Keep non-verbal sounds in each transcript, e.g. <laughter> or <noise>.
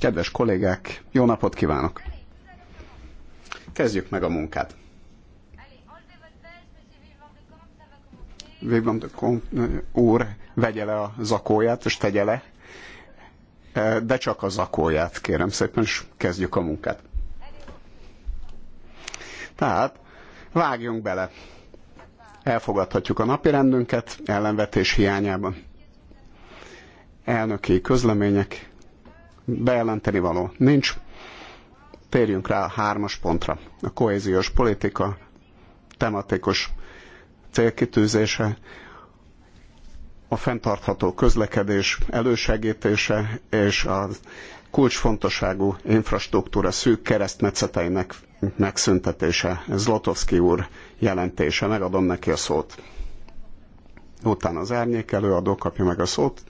Kedves kollégák, jó napot kívánok! Kezdjük meg a munkát. Végben úr, vegye le a zakóját, és tegye le. E, de csak a zakóját, kérem szépen, és kezdjük a munkát. Tehát, vágjunk bele. Elfogadhatjuk a napirendünket ellenvetés hiányában elnöki közlemények, bejelenteni való nincs. Térjünk rá a hármas pontra. A kohéziós politika tematikus célkitűzése, a fenntartható közlekedés elősegítése és a kulcsfontosságú infrastruktúra szűk keresztmetszeteinek megszüntetése. Zlotowski úr jelentése, megadom neki a szót. Utána az árnyék előadó kapja meg a szót,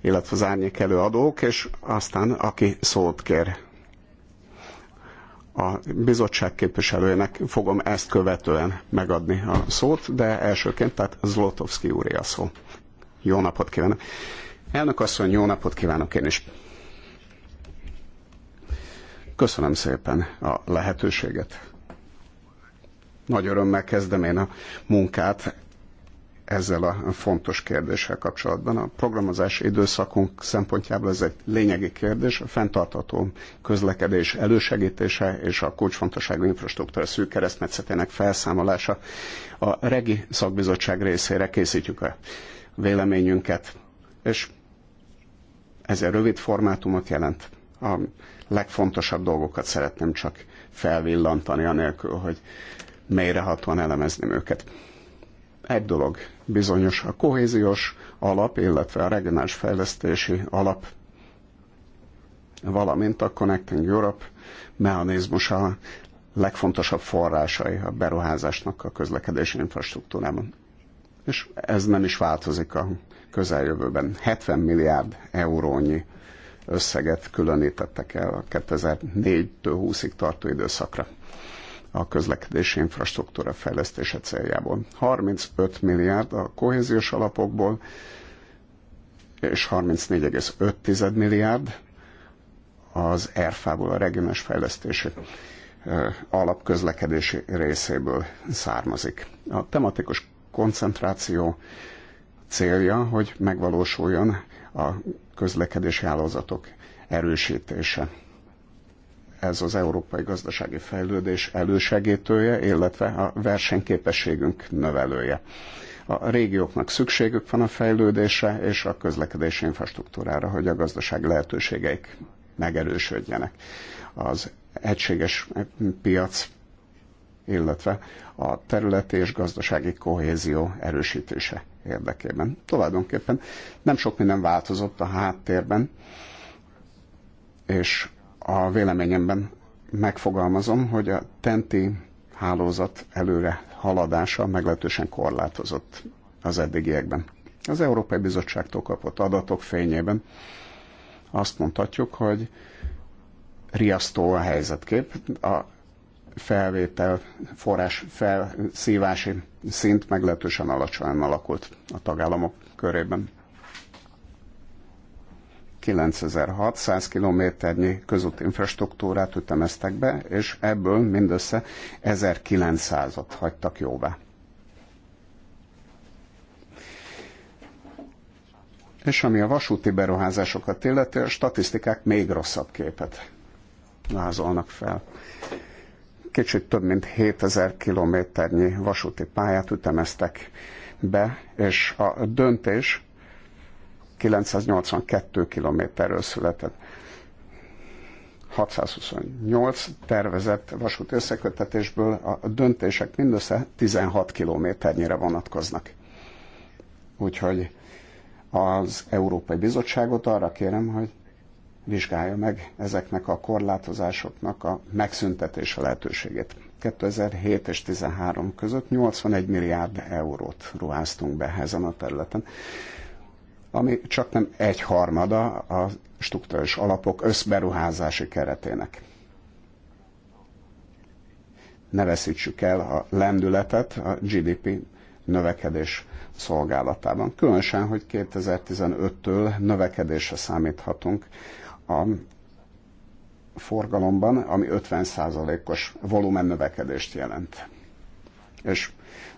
illetve az árnyékelő adók és aztán aki szót kér. A bizottság képviselőjének fogom ezt követően megadni a szót, de elsőként, tehát Zlotowski úré a szó. Jó napot kívánok! Elnök asszony, jó napot kívánok én is! Köszönöm szépen a lehetőséget. Nagy örömmel kezdem én a munkát ezzel a fontos kérdéssel kapcsolatban. A programozási időszakunk szempontjából ez egy lényegi kérdés, a fenntartható közlekedés elősegítése és a kulcsfontosságú infrastruktúra szűk keresztmetszetének felszámolása. A REGI szakbizottság részére készítjük a véleményünket, és ez egy rövid formátumot jelent. A legfontosabb dolgokat szeretném csak felvillantani, anélkül, hogy mélyrehatóan elemezném őket. Egy dolog bizonyos a kohéziós alap, illetve a regionális fejlesztési alap, valamint a Connecting Europe mechanizmusa legfontosabb forrásai a beruházásnak a közlekedési infrastruktúrában. És ez nem is változik a közeljövőben. 70 milliárd eurónyi összeget különítettek el a 2004-től 20-ig tartó időszakra a közlekedési infrastruktúra fejlesztése céljából. 35 milliárd a kohéziós alapokból, és 34,5 milliárd az ERFA-ból, a regionális fejlesztési alapközlekedési részéből származik. A tematikus koncentráció célja, hogy megvalósuljon a közlekedési hálózatok erősítése ez az európai gazdasági fejlődés elősegítője, illetve a versenyképességünk növelője. A régióknak szükségük van a fejlődésre és a közlekedési infrastruktúrára, hogy a gazdaság lehetőségeik megerősödjenek. Az egységes piac, illetve a területi és gazdasági kohézió erősítése érdekében. Tulajdonképpen nem sok minden változott a háttérben, és a véleményemben megfogalmazom, hogy a tenti hálózat előre haladása meglehetősen korlátozott az eddigiekben. Az Európai Bizottságtól kapott adatok fényében azt mondhatjuk, hogy riasztó a helyzetkép. A felvétel, forrás felszívási szint meglehetősen alacsonyan alakult a tagállamok körében. 9600 kilométernyi közút infrastruktúrát ütemeztek be, és ebből mindössze 1900-at hagytak jóvá. És ami a vasúti beruházásokat illeti, a statisztikák még rosszabb képet vázolnak fel. Kicsit több mint 7000 kilométernyi vasúti pályát ütemeztek be, és a döntés 982 kilométerről született. 628 tervezett vasúti összekötetésből a döntések mindössze 16 kilométernyire vonatkoznak. Úgyhogy az Európai Bizottságot arra kérem, hogy vizsgálja meg ezeknek a korlátozásoknak a megszüntetése lehetőségét. 2007 és 2013 között 81 milliárd eurót ruháztunk be ezen a területen ami csak nem egy harmada a struktúrális alapok összberuházási keretének. Ne veszítsük el a lendületet a GDP növekedés szolgálatában. Különösen, hogy 2015-től növekedésre számíthatunk a forgalomban, ami 50%-os volumen növekedést jelent. És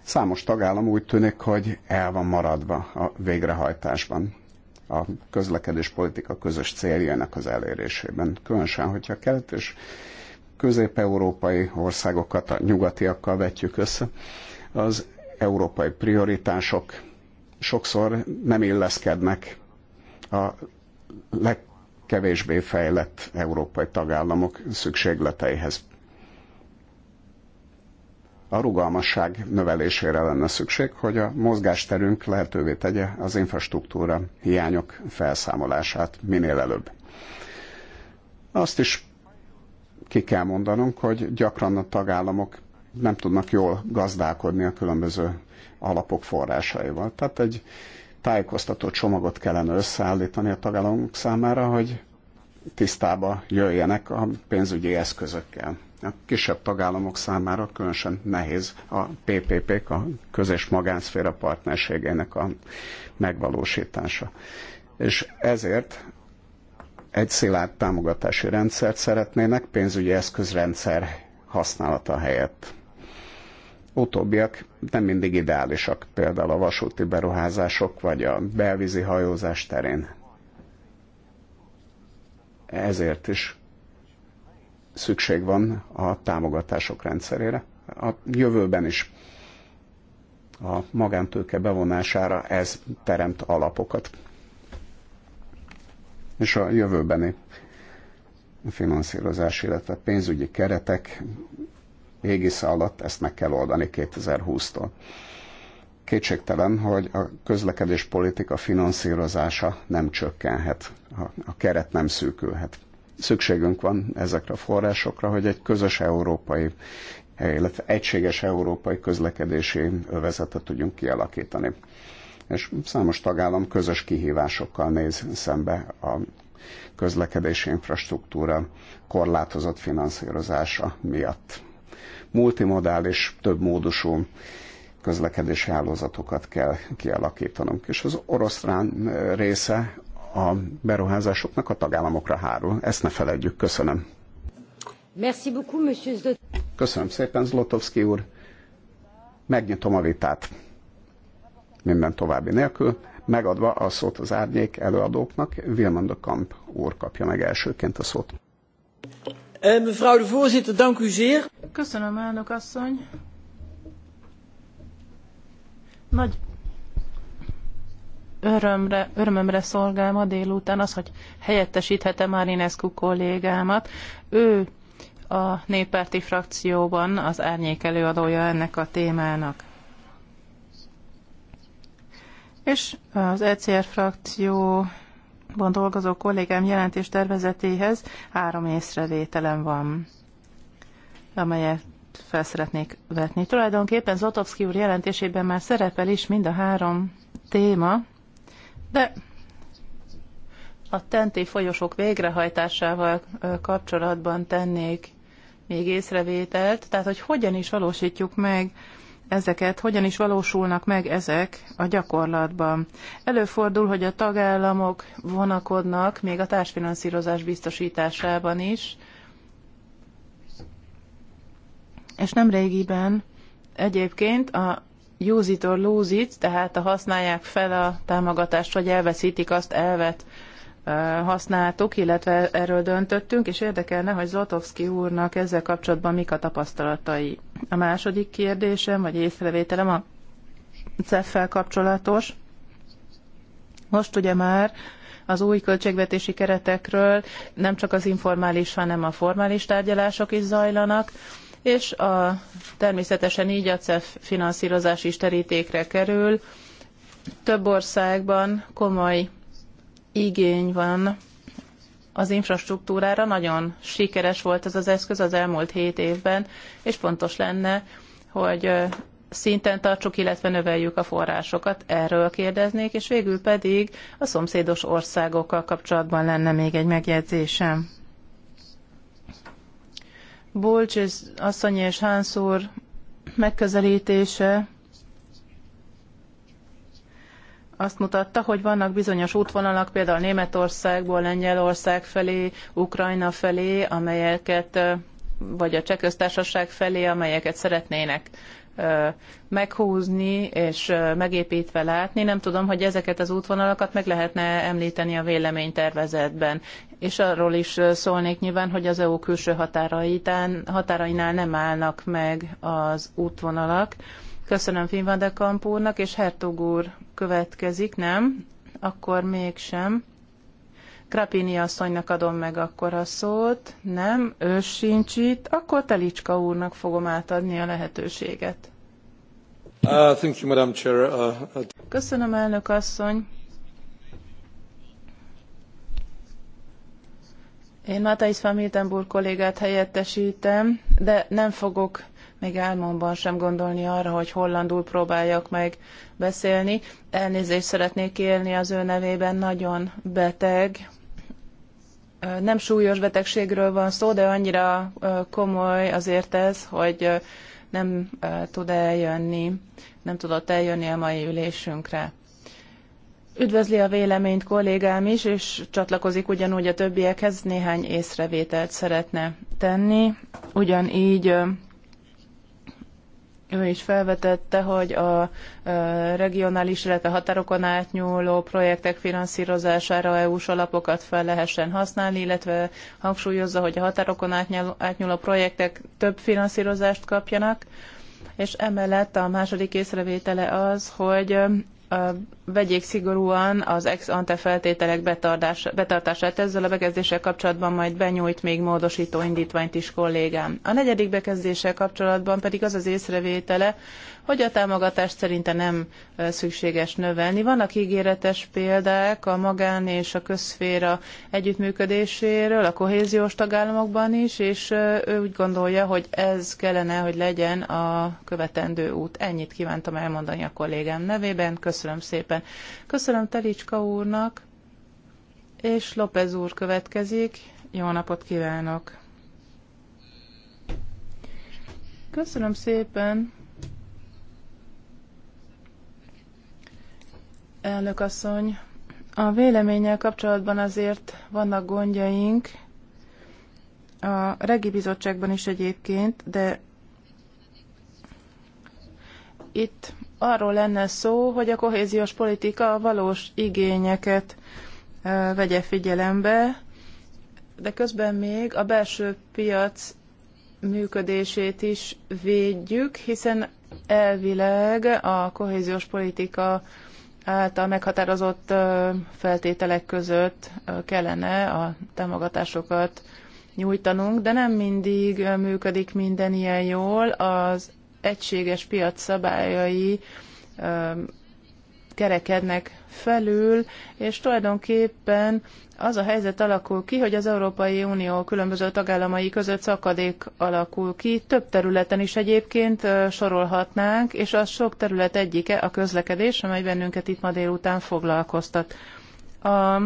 Számos tagállam úgy tűnik, hogy el van maradva a végrehajtásban a közlekedéspolitika közös céljának az elérésében. Különösen, hogyha kelet és közép-európai országokat a nyugatiakkal vetjük össze, az európai prioritások sokszor nem illeszkednek a legkevésbé fejlett európai tagállamok szükségleteihez a rugalmasság növelésére lenne szükség, hogy a mozgásterünk lehetővé tegye az infrastruktúra hiányok felszámolását minél előbb. Azt is ki kell mondanunk, hogy gyakran a tagállamok nem tudnak jól gazdálkodni a különböző alapok forrásaival. Tehát egy tájékoztató csomagot kellene összeállítani a tagállamok számára, hogy tisztába jöjjenek a pénzügyi eszközökkel a kisebb tagállamok számára különösen nehéz a PPP-k, a közös magánszféra partnerségének a megvalósítása. És ezért egy szilárd támogatási rendszert szeretnének pénzügyi eszközrendszer használata helyett. Utóbbiak nem mindig ideálisak, például a vasúti beruházások vagy a belvízi hajózás terén. Ezért is szükség van a támogatások rendszerére. A jövőben is a magántőke bevonására ez teremt alapokat. És a jövőbeni finanszírozás, illetve pénzügyi keretek égisze alatt ezt meg kell oldani 2020-tól. Kétségtelen, hogy a közlekedés politika finanszírozása nem csökkenhet, a keret nem szűkülhet szükségünk van ezekre a forrásokra, hogy egy közös európai, illetve egységes európai közlekedési övezetet tudjunk kialakítani. És számos tagállam közös kihívásokkal néz szembe a közlekedési infrastruktúra korlátozott finanszírozása miatt. Multimodális, több módusú közlekedési hálózatokat kell kialakítanunk. És az oroszlán része a beruházásoknak a tagállamokra hárul. Ezt ne feledjük Köszönöm. Köszönöm szépen, Zlotowski úr. Megnyitom a vitát. Minden további nélkül. Megadva a szót az árnyék előadóknak, Wilman de Kamp úr kapja meg elsőként a szót. Eh, mevrouw de voorzitter, dank u zeer. Köszönöm, elnök asszony. Nagy örömre, örömömre szolgál ma délután az, hogy helyettesíthetem Marinescu kollégámat. Ő a néppárti frakcióban az árnyék előadója ennek a témának. És az ECR frakcióban dolgozó kollégám jelentés tervezetéhez három észrevételem van, amelyet fel szeretnék vetni. Tulajdonképpen Zotowski úr jelentésében már szerepel is mind a három téma, de a tenti folyosok végrehajtásával kapcsolatban tennék még észrevételt, tehát hogy hogyan is valósítjuk meg ezeket, hogyan is valósulnak meg ezek a gyakorlatban. Előfordul, hogy a tagállamok vonakodnak még a társfinanszírozás biztosításában is, és nem régiben egyébként a use it or lose it, tehát a használják fel a támogatást, vagy elveszítik azt elvet használtuk, illetve erről döntöttünk, és érdekelne, hogy Zlatovszki úrnak ezzel kapcsolatban mik a tapasztalatai. A második kérdésem, vagy észrevételem a CEF-fel kapcsolatos. Most ugye már az új költségvetési keretekről nem csak az informális, hanem a formális tárgyalások is zajlanak és a, természetesen így a CEF finanszírozás is terítékre kerül. Több országban komoly igény van az infrastruktúrára. Nagyon sikeres volt ez az eszköz az elmúlt hét évben, és fontos lenne, hogy szinten tartsuk, illetve növeljük a forrásokat. Erről kérdeznék, és végül pedig a szomszédos országokkal kapcsolatban lenne még egy megjegyzésem. Bolcs asszony és Hánsz úr megközelítése azt mutatta, hogy vannak bizonyos útvonalak, például Németországból, Lengyelország felé, Ukrajna felé, amelyeket, vagy a Csehköztársaság felé, amelyeket szeretnének meghúzni és megépítve látni. Nem tudom, hogy ezeket az útvonalakat meg lehetne említeni a véleménytervezetben. És arról is szólnék nyilván, hogy az EU külső határaitán, határainál nem állnak meg az útvonalak. Köszönöm Finvade úrnak, és Hertog úr következik, nem? Akkor mégsem. Krapini asszonynak adom meg akkor a szót. Nem, ő sincs itt. Akkor Telicska úrnak fogom átadni a lehetőséget. Uh, thank you, Madam Chair. Uh, uh, Köszönöm, elnök asszony. Én Matthijs van Miltenburg kollégát helyettesítem, de nem fogok még álmomban sem gondolni arra, hogy hollandul próbáljak meg beszélni. Elnézést szeretnék élni az ő nevében, nagyon beteg, nem súlyos betegségről van szó, de annyira komoly azért ez, hogy nem tud eljönni, nem tudott eljönni a mai ülésünkre. Üdvözli a véleményt kollégám is, és csatlakozik ugyanúgy a többiekhez, néhány észrevételt szeretne tenni. Ugyanígy ő is felvetette, hogy a regionális, illetve határokon átnyúló projektek finanszírozására EU-s alapokat fel lehessen használni, illetve hangsúlyozza, hogy a határokon átnyúló projektek több finanszírozást kapjanak és emellett a második észrevétele az, hogy vegyék szigorúan az ex ante feltételek betartását. Ezzel a bekezdéssel kapcsolatban majd benyújt még módosító indítványt is kollégám. A negyedik bekezdéssel kapcsolatban pedig az az észrevétele, hogy a támogatást szerinte nem szükséges növelni. Vannak ígéretes példák a magán és a közszféra együttműködéséről, a kohéziós tagállamokban is, és ő úgy gondolja, hogy ez kellene, hogy legyen a követendő út. Ennyit kívántam elmondani a kollégám nevében. Köszönöm szépen. Köszönöm Telicska úrnak, és López úr következik. Jó napot kívánok! Köszönöm szépen! elnök asszony. A véleménnyel kapcsolatban azért vannak gondjaink, a regi bizottságban is egyébként, de itt arról lenne szó, hogy a kohéziós politika a valós igényeket vegye figyelembe, de közben még a belső piac működését is védjük, hiszen elvileg a kohéziós politika által meghatározott feltételek között kellene a támogatásokat nyújtanunk, de nem mindig működik minden ilyen jól. Az egységes piac szabályai kerekednek felül, és tulajdonképpen az a helyzet alakul ki, hogy az Európai Unió különböző tagállamai között szakadék alakul ki, több területen is egyébként sorolhatnánk, és az sok terület egyike a közlekedés, amely bennünket itt ma délután foglalkoztat. A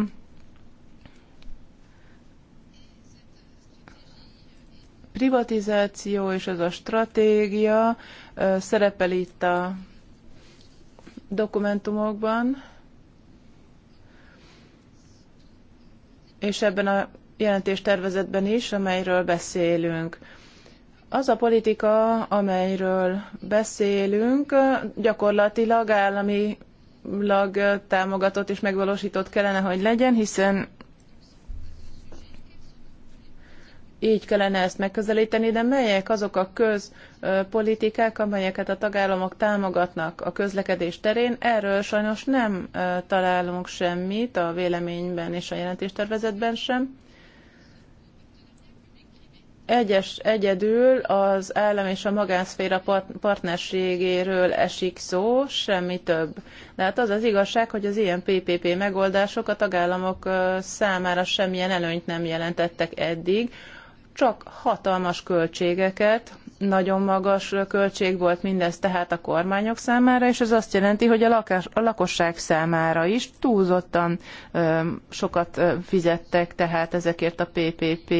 privatizáció és ez a stratégia szerepel itt a dokumentumokban, és ebben a jelentéstervezetben is, amelyről beszélünk. Az a politika, amelyről beszélünk, gyakorlatilag államilag támogatott és megvalósított kellene, hogy legyen, hiszen így kellene ezt megközelíteni, de melyek azok a közpolitikák, amelyeket a tagállamok támogatnak a közlekedés terén? Erről sajnos nem találunk semmit a véleményben és a jelentéstervezetben sem. Egyes, egyedül az állam és a magánszféra partnerségéről esik szó, semmi több. De hát az az igazság, hogy az ilyen PPP megoldások a tagállamok számára semmilyen előnyt nem jelentettek eddig csak hatalmas költségeket, nagyon magas költség volt mindez tehát a kormányok számára, és ez azt jelenti, hogy a, lakás, a lakosság számára is túlzottan ö, sokat ö, fizettek tehát ezekért a PPP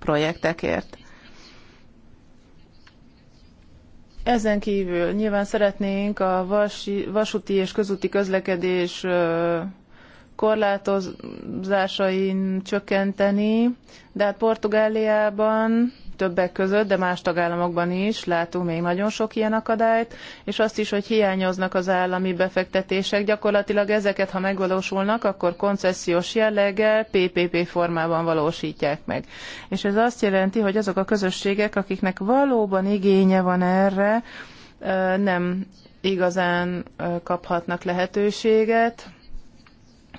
projektekért. Ezen kívül nyilván szeretnénk a vasi, vasúti és közúti közlekedés ö, korlátozásain csökkenteni, de hát Portugáliában többek között, de más tagállamokban is látunk még nagyon sok ilyen akadályt, és azt is, hogy hiányoznak az állami befektetések. Gyakorlatilag ezeket, ha megvalósulnak, akkor koncesziós jelleggel PPP formában valósítják meg. És ez azt jelenti, hogy azok a közösségek, akiknek valóban igénye van erre, nem igazán kaphatnak lehetőséget,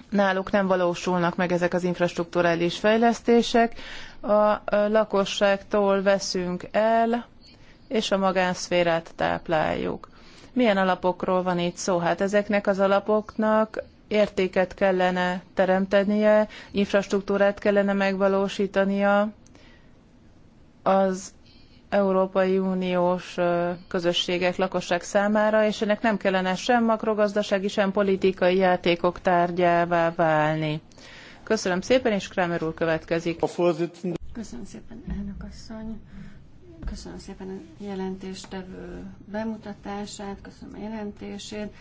náluk nem valósulnak meg ezek az infrastruktúrális fejlesztések, a lakosságtól veszünk el, és a magánszférát tápláljuk. Milyen alapokról van itt szó? Hát ezeknek az alapoknak értéket kellene teremtenie, infrastruktúrát kellene megvalósítania, az Európai Uniós közösségek lakosság számára, és ennek nem kellene sem makrogazdasági, sem politikai játékok tárgyává válni. Köszönöm szépen, és Kramer úr következik. Köszönöm szépen, elnök asszony. Köszönöm szépen a jelentéstevő bemutatását, köszönöm a jelentését.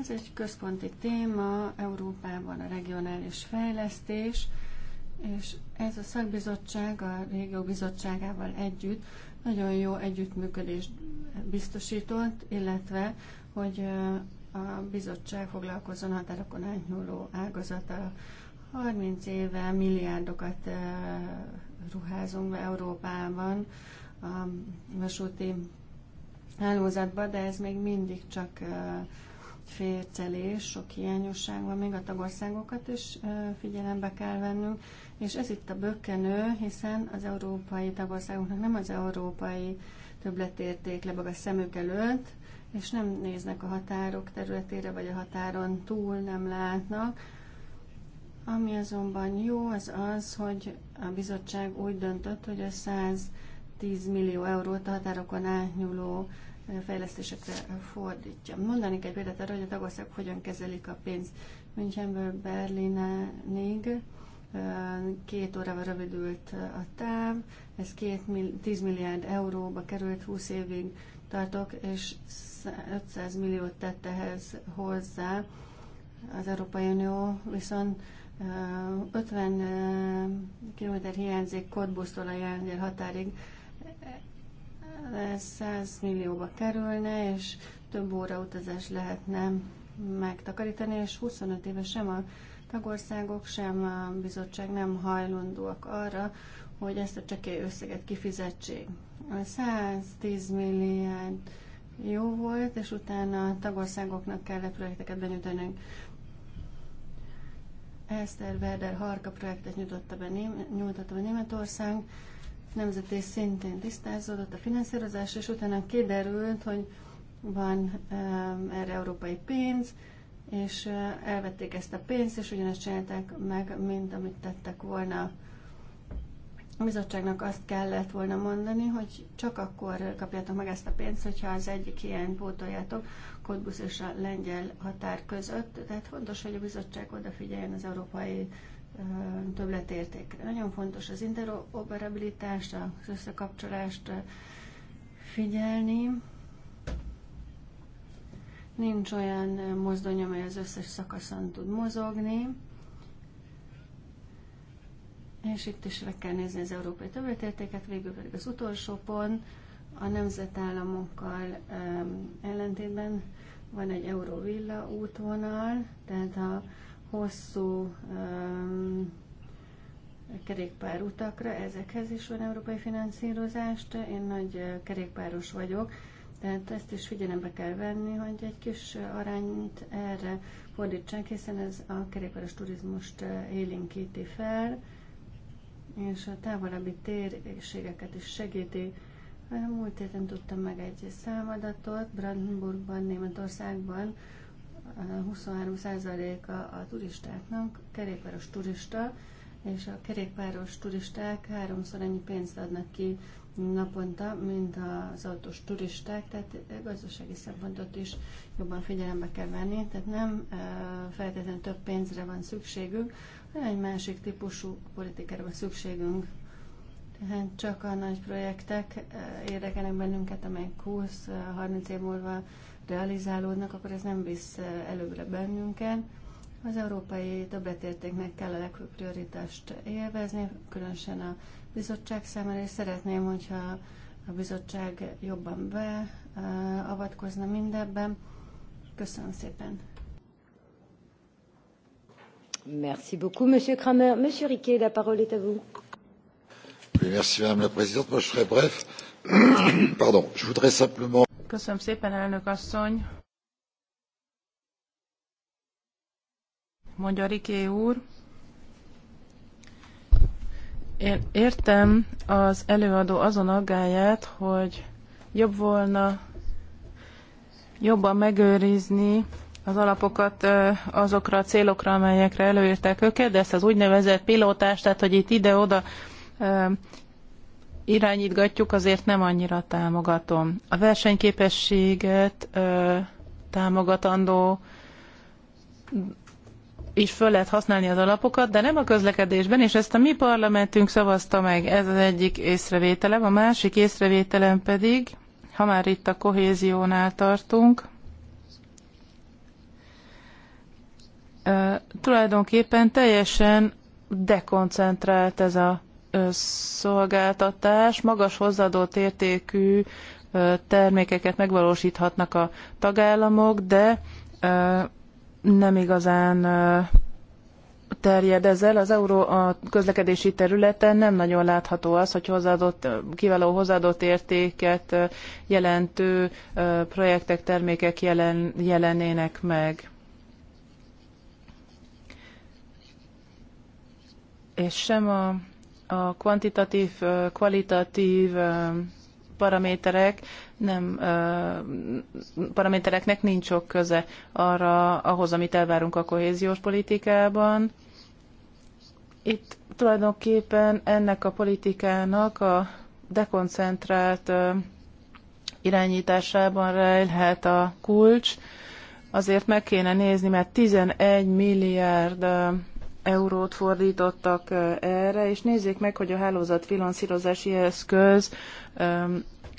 Ez egy központi téma Európában a regionális fejlesztés, és ez a szakbizottság a régió bizottságával együtt nagyon jó együttműködést biztosított, illetve, hogy a bizottság foglalkozzon határokon átnyúló ágazata. 30 éve milliárdokat ruházunk be Európában a vasúti hálózatba, de ez még mindig csak fércelés, sok hiányosság van még a tagországokat is figyelembe kell vennünk, és ez itt a bökkenő, hiszen az európai tagországoknak nem az európai többletérték lebeg a szemük előtt, és nem néznek a határok területére, vagy a határon túl nem látnak. Ami azonban jó, az az, hogy a bizottság úgy döntött, hogy a 110 millió eurót a határokon átnyúló fejlesztésekre fordítja. Mondani egy példát arra, hogy a tagországok hogyan kezelik a pénzt. Münchenből Berlinenig, két órával rövidült a táv, ez két, 10 milliárd euróba került 20 évig tartok, és 500 milliót tett ehhez hozzá. Az Európai Unió viszont 50 km hiányzik Kodbusztól a Jánzér határig. Ez 100 millióba kerülne, és több óra utazás lehetne megtakarítani, és 25 éve sem a tagországok, sem a bizottság nem hajlandóak arra, hogy ezt a csekély összeget kifizetsék. 110 milliárd jó volt, és utána a tagországoknak kellett projekteket benyújtanunk. Eszter Werder Harka projektet nyújtotta be, nyújtotta be Németország, nemzeti szintén tisztázódott a finanszírozás, és utána kiderült, hogy van um, erre európai pénz, és elvették ezt a pénzt, és ugyanezt csinálták meg, mint amit tettek volna. A bizottságnak azt kellett volna mondani, hogy csak akkor kapjátok meg ezt a pénzt, hogyha az egyik hiányt pótoljátok Kodbusz és a lengyel határ között. Tehát fontos, hogy a bizottság odafigyeljen az európai többletértékre. Nagyon fontos az interoperabilitást, az összekapcsolást figyelni, Nincs olyan mozdony, amely az összes szakaszon tud mozogni. És itt is meg kell nézni az európai többletértéket, végül pedig az utolsó pont, a nemzetállamokkal um, ellentétben van egy Euróvilla útvonal, tehát a hosszú um, kerékpárutakra, ezekhez is van európai finanszírozást. Én nagy kerékpáros vagyok, tehát ezt is figyelembe kell venni, hogy egy kis arányt erre fordítsák, hiszen ez a kerékpáros turizmust eh, élénkíti fel, és a távolabbi térségeket is segíti. Múlt héten tudtam meg egy számadatot, Brandenburgban, Németországban eh, 23%-a a turistáknak kerékpáros turista, és a kerékpáros turisták háromszor ennyi pénzt adnak ki naponta, mint az autós turisták, tehát gazdasági szempontot is jobban figyelembe kell venni, tehát nem feltétlenül több pénzre van szükségünk, hanem egy másik típusú politikára van szükségünk. Tehát csak a nagy projektek érdekelnek bennünket, amelyek 20-30 év múlva realizálódnak, akkor ez nem visz előbbre bennünket. Az európai többletértéknek kell a legfőbb prioritást élvezni, különösen a bizottság számára, és szeretném, hogyha a bizottság jobban beavatkozna mindebben. Köszönöm szépen! Merci beaucoup, Monsieur Kramer. Monsieur Riquet, la parole est à vous. Oui, merci, Madame la Présidente. Moi, je serai bref. <coughs> Pardon. Je voudrais simplement. Köszönöm szépen, elnök asszony. mondja Riké úr. Én értem az előadó azon aggáját, hogy jobb volna jobban megőrizni az alapokat azokra a célokra, amelyekre előírták őket, de ezt az úgynevezett pilótást, tehát hogy itt ide-oda irányítgatjuk, azért nem annyira támogatom. A versenyképességet támogatandó is föl lehet használni az alapokat, de nem a közlekedésben, és ezt a mi parlamentünk szavazta meg, ez az egyik észrevételem. A másik észrevételem pedig, ha már itt a kohéziónál tartunk, tulajdonképpen teljesen dekoncentrált ez a szolgáltatás, magas hozzáadott értékű termékeket megvalósíthatnak a tagállamok, de nem igazán terjed ezzel. Az euró a közlekedési területen nem nagyon látható az, hogy hozzáadott, kiváló hozzáadott értéket jelentő projektek, termékek jelen, jelenének meg. És sem a, a kvantitatív, kvalitatív paraméterek nem, paramétereknek nincs sok köze arra, ahhoz, amit elvárunk a kohéziós politikában. Itt tulajdonképpen ennek a politikának a dekoncentrált irányításában rejlhet a kulcs, azért meg kéne nézni, mert 11 milliárd eurót fordítottak erre, és nézzék meg, hogy a hálózat finanszírozási eszköz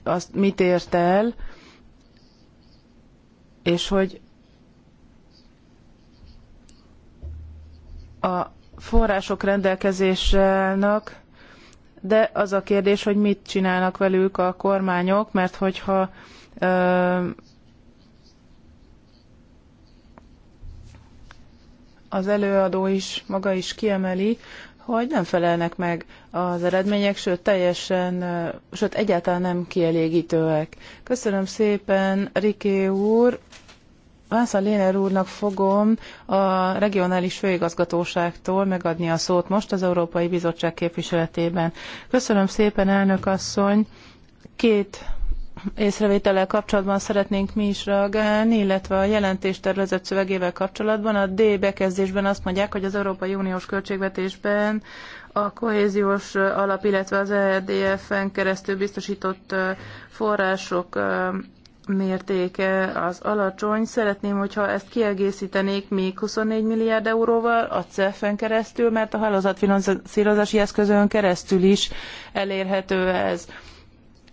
azt mit ért el, és hogy a források rendelkezésnek, de az a kérdés, hogy mit csinálnak velük a kormányok, mert hogyha az előadó is maga is kiemeli, hogy nem felelnek meg az eredmények, sőt teljesen, sőt egyáltalán nem kielégítőek. Köszönöm szépen, Riké úr. Vásza Léner úrnak fogom a regionális főigazgatóságtól megadni a szót most az Európai Bizottság képviseletében. Köszönöm szépen, elnök asszony. Két észrevétellel kapcsolatban szeretnénk mi is reagálni, illetve a jelentéstervezet szövegével kapcsolatban. A D bekezdésben azt mondják, hogy az Európai Uniós költségvetésben a kohéziós alap, illetve az EDF-en keresztül biztosított források mértéke az alacsony. Szeretném, hogyha ezt kiegészítenék még 24 milliárd euróval a CEF-en keresztül, mert a hálózatfinanszírozási eszközön keresztül is elérhető ez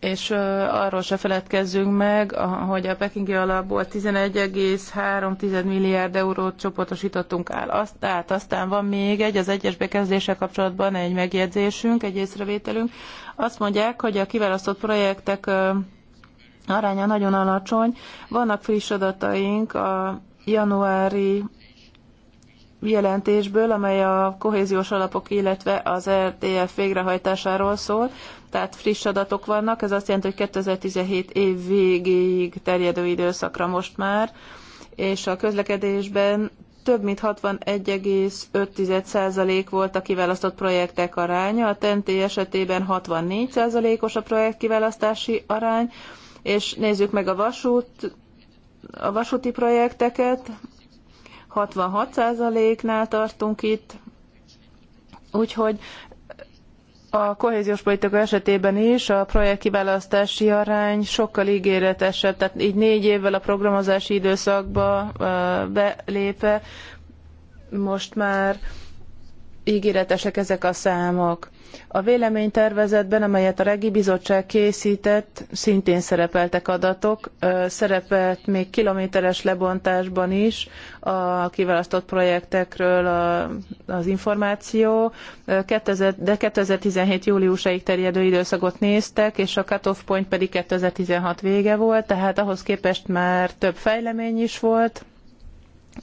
és arról se feledkezzünk meg, hogy a pekingi alapból 11,3 milliárd eurót csoportosítottunk áll. Azt, Tehát Aztán van még egy, az egyes bekezdéssel kapcsolatban egy megjegyzésünk, egy észrevételünk. Azt mondják, hogy a kiválasztott projektek aránya nagyon alacsony. Vannak friss adataink a januári jelentésből, amely a kohéziós alapok, illetve az RTF végrehajtásáról szól, tehát friss adatok vannak, ez azt jelenti, hogy 2017 év végéig terjedő időszakra most már, és a közlekedésben több mint 61,5% volt a kiválasztott projektek aránya, a TNT esetében 64%-os a projekt kiválasztási arány, és nézzük meg a vasút, a vasúti projekteket, 66%-nál tartunk itt, úgyhogy a kohéziós politika esetében is a projekt kiválasztási arány sokkal ígéretesebb, tehát így négy évvel a programozási időszakba belépve most már ígéretesek ezek a számok. A véleménytervezetben, amelyet a Regi Bizottság készített, szintén szerepeltek adatok, szerepelt még kilométeres lebontásban is a kiválasztott projektekről az információ, de 2017. júliusáig terjedő időszakot néztek, és a cut-off point pedig 2016 vége volt, tehát ahhoz képest már több fejlemény is volt,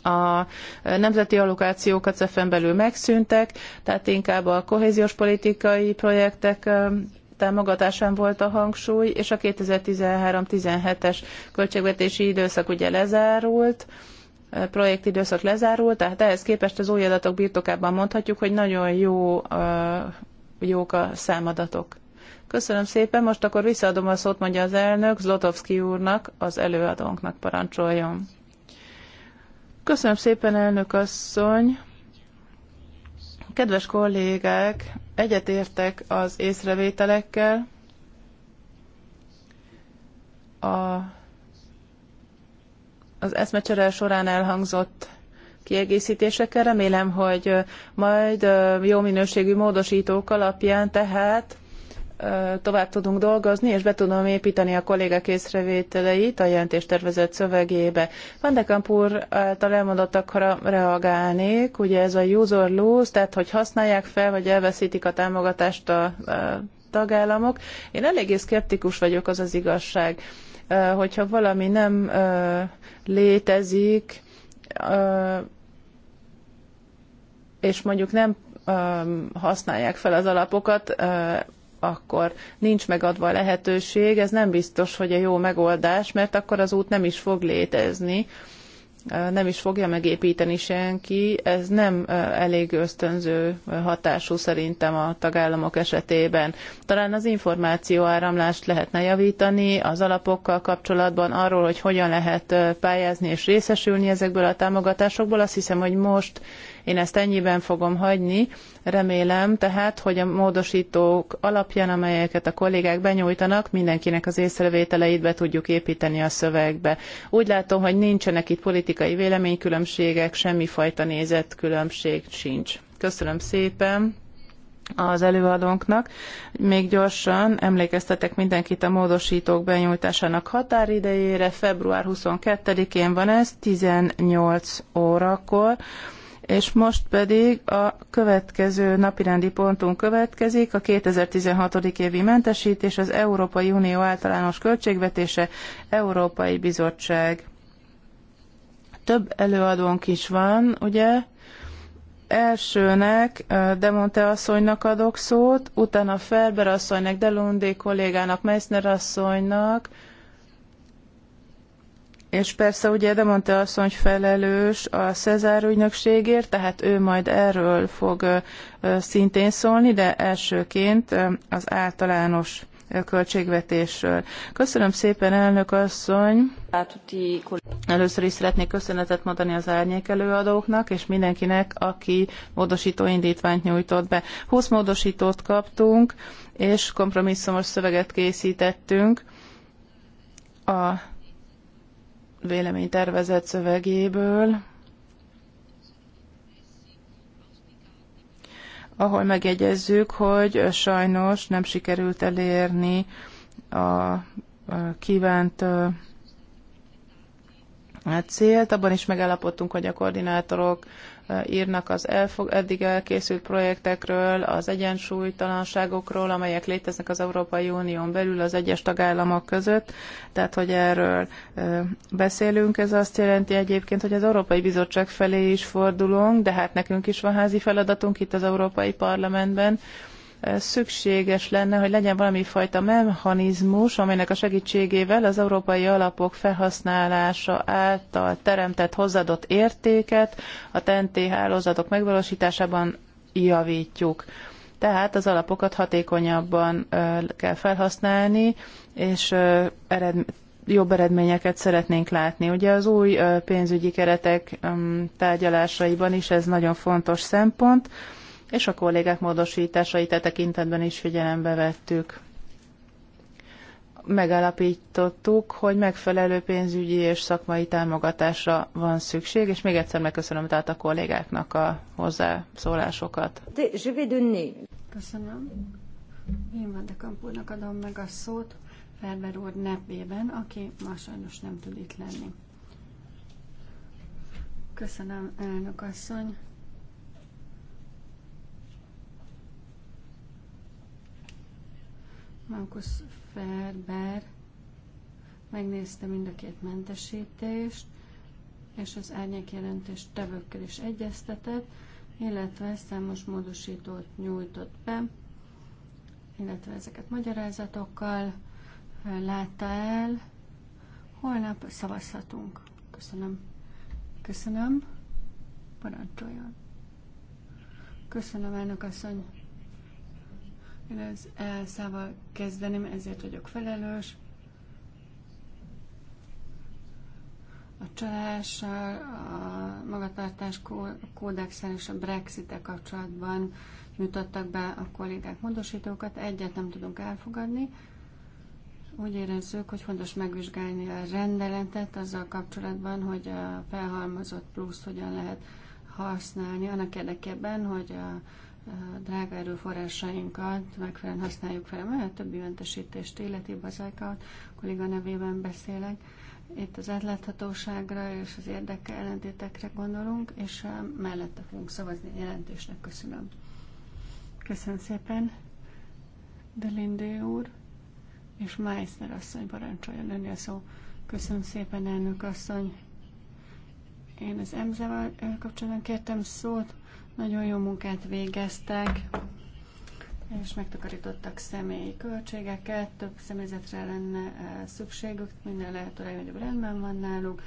a nemzeti allokációkat CEF-en belül megszűntek, tehát inkább a kohéziós politikai projektek támogatásán volt a hangsúly, és a 2013-17-es költségvetési időszak ugye lezárult, projektidőszak lezárult, tehát ehhez képest az új adatok birtokában mondhatjuk, hogy nagyon jó, jók a számadatok. Köszönöm szépen, most akkor visszaadom a szót, mondja az elnök, Zlotowski úrnak, az előadónknak parancsoljon. Köszönöm szépen, elnök asszony! Kedves kollégák, egyetértek az észrevételekkel. A, az eszmecsere során elhangzott kiegészítésekkel remélem, hogy majd jó minőségű módosítók alapján tehát tovább tudunk dolgozni, és be tudom építeni a kollégák észrevételeit a jelentéstervezet szövegébe. Van de Kampur által elmondottakra reagálnék, ugye ez a user lose, tehát hogy használják fel, vagy elveszítik a támogatást a, a tagállamok. Én eléggé szkeptikus vagyok, az az igazság. Hogyha valami nem létezik, és mondjuk nem használják fel az alapokat, akkor nincs megadva a lehetőség, ez nem biztos, hogy a jó megoldás, mert akkor az út nem is fog létezni, nem is fogja megépíteni senki, ez nem elég ösztönző hatású szerintem a tagállamok esetében. Talán az információ áramlást lehetne javítani az alapokkal kapcsolatban arról, hogy hogyan lehet pályázni és részesülni ezekből a támogatásokból. Azt hiszem, hogy most én ezt ennyiben fogom hagyni. Remélem tehát, hogy a módosítók alapján, amelyeket a kollégák benyújtanak, mindenkinek az észrevételeit be tudjuk építeni a szövegbe. Úgy látom, hogy nincsenek itt politikai véleménykülönbségek, semmifajta nézetkülönbség sincs. Köszönöm szépen! az előadónknak. Még gyorsan emlékeztetek mindenkit a módosítók benyújtásának határidejére. Február 22-én van ez, 18 órakor. És most pedig a következő napirendi pontunk következik, a 2016. évi mentesítés, az Európai Unió általános költségvetése, Európai Bizottság. Több előadónk is van, ugye? Elsőnek Demonte asszonynak adok szót, utána Ferber asszonynak, Delundé kollégának, Meissner asszonynak, és persze ugye Demonte asszony felelős a Cezár ügynökségért, tehát ő majd erről fog szintén szólni, de elsőként az általános költségvetésről. Köszönöm szépen, elnök asszony! Először is szeretnék köszönetet mondani az árnyék előadóknak, és mindenkinek, aki módosító indítványt nyújtott be. 20 módosítót kaptunk, és kompromisszumos szöveget készítettünk a véleménytervezet szövegéből, ahol megegyezzük, hogy sajnos nem sikerült elérni a kívánt célt. Abban is megállapodtunk, hogy a koordinátorok írnak az elfog, eddig elkészült projektekről, az egyensúlytalanságokról, amelyek léteznek az Európai Unión belül az egyes tagállamok között. Tehát, hogy erről beszélünk, ez azt jelenti egyébként, hogy az Európai Bizottság felé is fordulunk, de hát nekünk is van házi feladatunk itt az Európai Parlamentben, szükséges lenne, hogy legyen valami fajta mechanizmus, amelynek a segítségével az európai alapok felhasználása által teremtett hozzáadott értéket a TNT hálózatok megvalósításában javítjuk. Tehát az alapokat hatékonyabban kell felhasználni, és jobb eredményeket szeretnénk látni. Ugye az új pénzügyi keretek tárgyalásaiban is ez nagyon fontos szempont és a kollégák módosításait e tekintetben is figyelembe vettük. Megállapítottuk, hogy megfelelő pénzügyi és szakmai támogatásra van szükség, és még egyszer megköszönöm tehát a kollégáknak a hozzászólásokat. Köszönöm. Én van de adom meg a szót Ferber úr nevében, aki ma sajnos nem tud itt lenni. Köszönöm, elnök asszony. Markus Ferber megnézte mind a két mentesítést, és az árnyék jelentés tevőkkel is egyeztetett, illetve számos módosítót nyújtott be, illetve ezeket magyarázatokkal látta el. Holnap szavazhatunk. Köszönöm. Köszönöm. Parancsoljon. Köszönöm, elnök asszony. Én az elszával kezdeném, ezért vagyok felelős. A csalással, a magatartás kódexel és a brexit kapcsolatban nyújtottak be a kollégák módosítókat, egyet nem tudunk elfogadni. Úgy érezzük, hogy fontos megvizsgálni a rendeletet azzal kapcsolatban, hogy a felhalmozott plusz hogyan lehet használni annak érdekében, hogy a drága erőforrásainkat megfelelően használjuk fel, mert a többi mentesítést életi bazákat, kolléga nevében beszélek. Itt az átláthatóságra és az érdeke ellentétekre gondolunk, és mellette fogunk szavazni Jelentősnek Köszönöm. Köszönöm szépen, Delindé úr, és Meissner asszony parancsolja lenni a szó. Köszönöm szépen, elnök asszony. Én az emzával kapcsolatban kértem szót, nagyon jó munkát végeztek, és megtakarítottak személyi költségeket, több személyzetre lenne eh, szükségük, minden lehető legnagyobb rendben van náluk,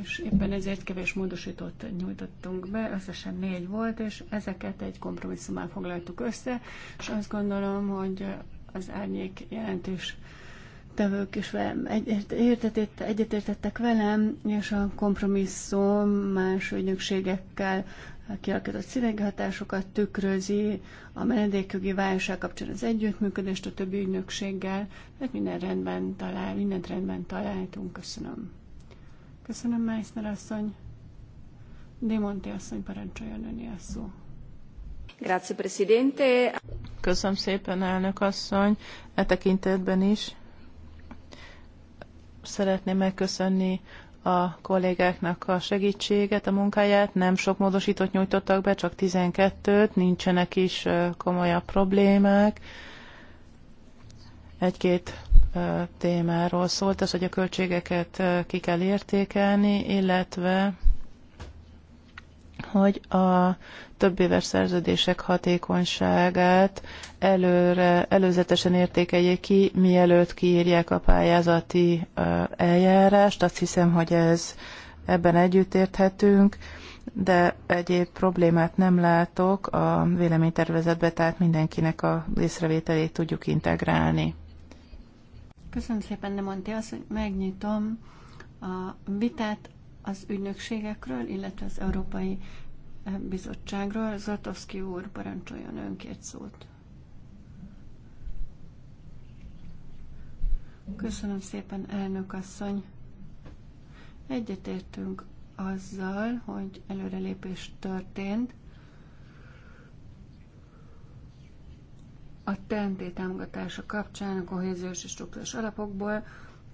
és éppen ezért kevés módosítót nyújtottunk be, összesen négy volt, és ezeket egy kompromisszumán foglaltuk össze, és azt gondolom, hogy az árnyék jelentős tevők is velem egyetértettek velem, és a kompromisszum más ügynökségekkel kialakított hatásokat tükrözi, a menedékjogi válság kapcsán az együttműködést a többi ügynökséggel, tehát minden rendben talál, mindent rendben találtunk. Köszönöm. Köszönöm, Meissner asszony. Démonti asszony, parancsoljon önni a szó. Grazie, Presidente. Köszönöm szépen, elnök asszony, e tekintetben is. Szeretném megköszönni a kollégáknak a segítséget, a munkáját. Nem sok módosítót nyújtottak be, csak 12-t, nincsenek is komolyabb problémák. Egy-két témáról szólt az, hogy a költségeket ki kell értékelni, illetve hogy a több éves szerződések hatékonyságát előre, előzetesen értékeljék ki, mielőtt kiírják a pályázati eljárást. Azt hiszem, hogy ez ebben együtt érthetünk, de egyéb problémát nem látok a véleménytervezetbe, tehát mindenkinek a észrevételét tudjuk integrálni. Köszönöm szépen, de mondta azt, hogy megnyitom a vitát az ügynökségekről, illetve az Európai eh, Bizottságról. Zlatowski úr, parancsoljon önkét szót. Köszönöm szépen, elnök asszony. Egyetértünk azzal, hogy előrelépés történt. A TNT támogatása kapcsán a kohéziós és struktúrás alapokból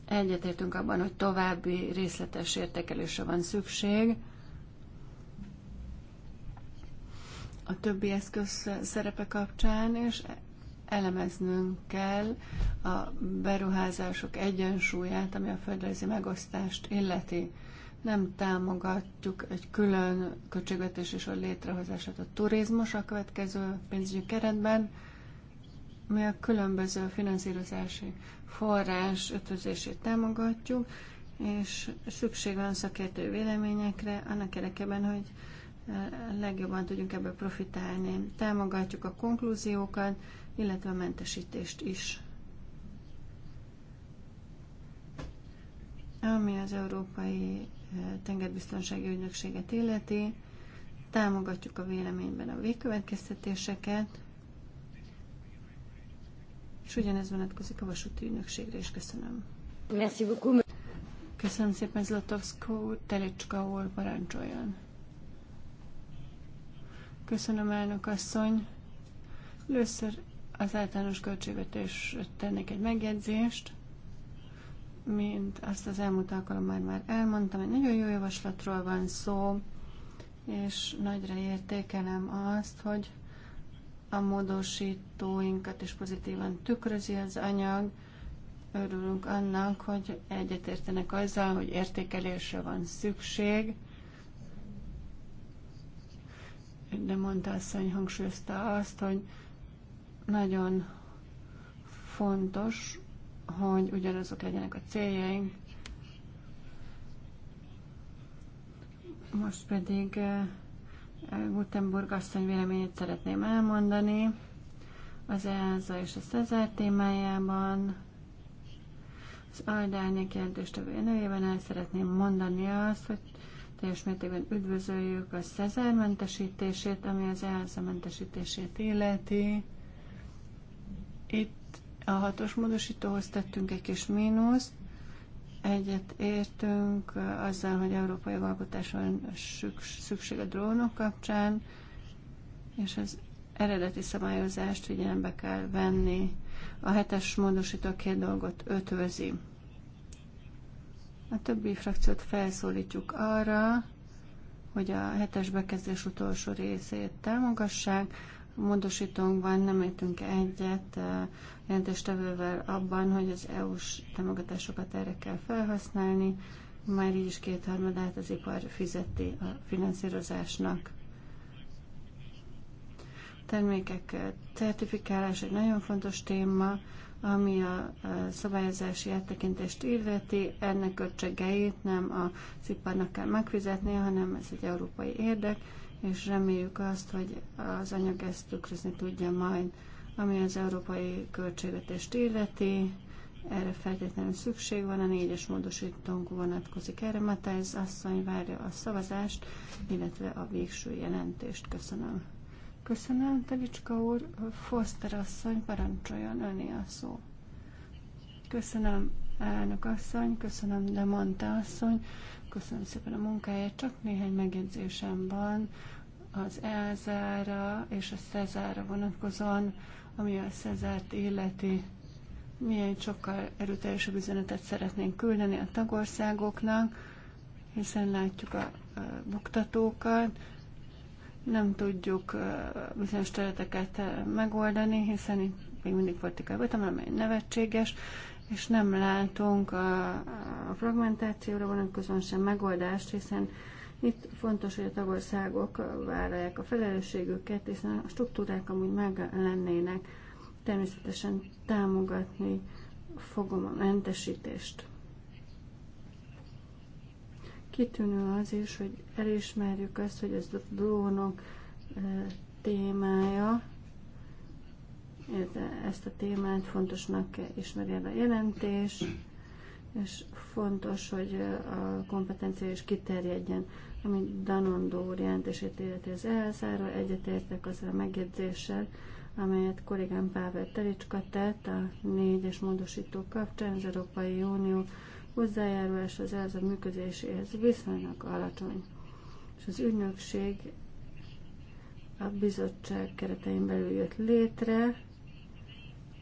Egyetértünk abban, hogy további részletes értékelésre van szükség. A többi eszköz szerepe kapcsán, és elemeznünk kell a beruházások egyensúlyát, ami a földrajzi megosztást illeti. Nem támogatjuk egy külön költségvetés és a létrehozását a turizmus a következő pénzügyi keretben, mi a különböző finanszírozási forrás ötözését támogatjuk, és szükség van szakértő véleményekre, annak érdekében, hogy eh, legjobban tudjunk ebből profitálni. Támogatjuk a konklúziókat, illetve a mentesítést is. Ami az Európai eh, Tengerbiztonsági Ügynökséget illeti, támogatjuk a véleményben a végkövetkeztetéseket, és ugyanez vonatkozik a vasúti ügynökségre is. Köszönöm. Merci beaucoup. Köszönöm szépen, Zlatovszkó úr, Telicska úr, parancsoljon. Köszönöm, elnök asszony. Először az általános költségvetés tennék egy megjegyzést, mint azt az elmúlt alkalommal már elmondtam, egy nagyon jó javaslatról van szó, és nagyra értékelem azt, hogy a módosítóinkat is pozitívan tükrözi az anyag. Örülünk annak, hogy egyetértenek azzal, hogy értékelésre van szükség. De mondta asszony, hangsúlyozta azt, hogy nagyon fontos, hogy ugyanazok legyenek a céljaink. Most pedig eh, Gutenburg asszony véleményét szeretném elmondani az EASA és a Szezár témájában. Az Aldárnyék jelentőstevője nevében el szeretném mondani azt, hogy teljes mértékben üdvözöljük a Szezár mentesítését, ami az EASA mentesítését illeti. Itt a hatos módosítóhoz tettünk egy kis mínuszt, Egyet értünk azzal, hogy európai jogalkotás van szükség a drónok kapcsán, és az eredeti szabályozást figyelembe kell venni. A hetes módosító két dolgot ötvözi. A többi frakciót felszólítjuk arra, hogy a hetes bekezdés utolsó részét támogassák, módosítónkban nem értünk egyet jelentéstevővel abban, hogy az EU-s támogatásokat erre kell felhasználni, már így is kétharmadát az ipar fizeti a finanszírozásnak. termékek certifikálása egy nagyon fontos téma, ami a szabályozási áttekintést illeti, ennek költségeit nem a iparnak kell megfizetni, hanem ez egy európai érdek, és reméljük azt, hogy az anyag ezt tükrözni tudja majd, ami az európai költségvetést illeti. Erre feltétlenül szükség van, a négyes módosítónk vonatkozik erre. Matály asszony várja a szavazást, illetve a végső jelentést. Köszönöm. Köszönöm, Tevicska úr. Foster asszony, parancsoljon, öné a szó. Köszönöm, elnök asszony, köszönöm, de mondta asszony, köszönöm szépen a munkáját. Csak néhány megjegyzésem van az Elzára és a Szezára vonatkozóan, ami a Szezárt életi, Milyen sokkal erőteljesebb üzenetet szeretnénk küldeni a tagországoknak, hiszen látjuk a, a buktatókat, nem tudjuk bizonyos területeket megoldani, hiszen itt még mindig politikai voltam, amely nevetséges, és nem látunk a, a fragmentációra vonatkozóan sem megoldást, hiszen itt fontos, hogy a tagországok vállalják a felelősségüket, hiszen a struktúrák amúgy meg lennének. Természetesen támogatni fogom a mentesítést kitűnő az is, hogy elismerjük azt, hogy ez a drónok témája, ezt a témát fontosnak ismeri a jelentés, és fontos, hogy a kompetencia is kiterjedjen, ami Danondó úr jelentését illeti az elszáról, egyetértek azzal a megjegyzéssel, amelyet kollégám Pável Telicska tett a négyes módosító kapcsán az Európai Unió hozzájárulás az ELZA működéséhez viszonylag alacsony, és az ügynökség a bizottság keretein belül jött létre,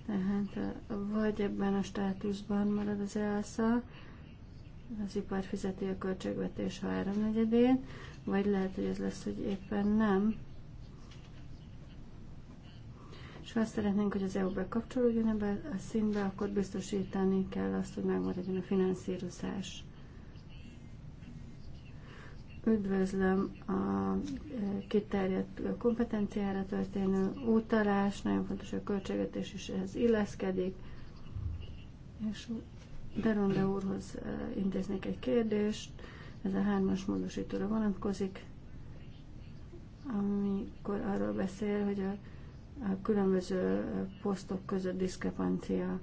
tehát eh, vagy ebben a státuszban marad az ELSA, az ipar fizeti a költségvetés háromnegyedén, vagy lehet, hogy ez lesz, hogy éppen nem, és ha azt szeretnénk, hogy az EU bekapcsolódjon ebbe a színbe, akkor biztosítani kell azt, hogy megmaradjon a finanszírozás. Üdvözlöm a e, kiterjedt kompetenciára történő utalás, nagyon fontos, hogy a költségvetés is ehhez illeszkedik, és deronda úrhoz e, intéznék egy kérdést, ez a hármas módosítóra vonatkozik, amikor arról beszél, hogy a a különböző posztok között diszkrepancia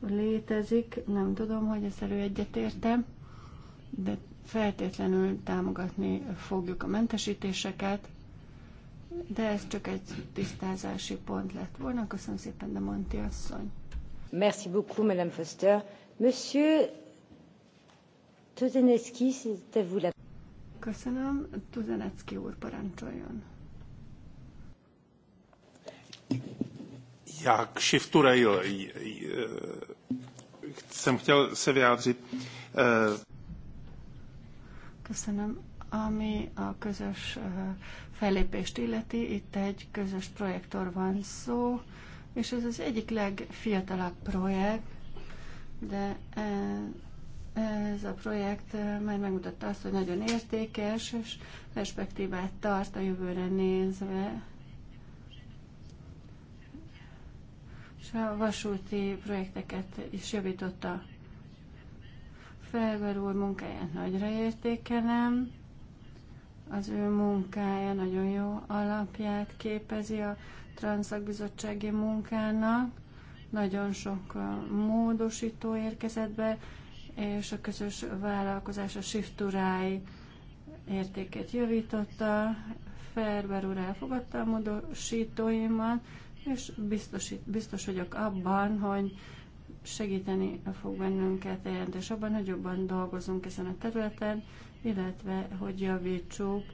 létezik. Nem tudom, hogy ezt elő egyetérte, de feltétlenül támogatni fogjuk a mentesítéseket, de ez csak egy tisztázási pont lett volna. Köszönöm szépen, de Monti asszony. Merci beaucoup, Madame Foster. Monsieur Tozeneski, c'est à vous la... Köszönöm. Tuzenecki úr parancsoljon. Já k shiftu rail jsem chtěl se vyjádřit. E, Köszönöm. Ami a közös e, fellépést illeti, itt egy közös projektor van szó, és ez az egyik legfiatalabb projekt, de e, ez a projekt már megmutatta azt, hogy nagyon értékes, és perspektívát tart a jövőre nézve és a vasúti projekteket is javította. Felver úr munkáját nagyra értékelem, az ő munkája nagyon jó alapját képezi a Transzakbizottsági munkának. Nagyon sok módosító érkezett be, és a közös vállalkozás a Shifturai értékét javította. Ferber úr elfogadta a módosítóimat, és biztosít, biztos vagyok abban, hogy segíteni fog bennünket a jelentés abban, hogy jobban dolgozunk ezen a területen, illetve hogy javítsuk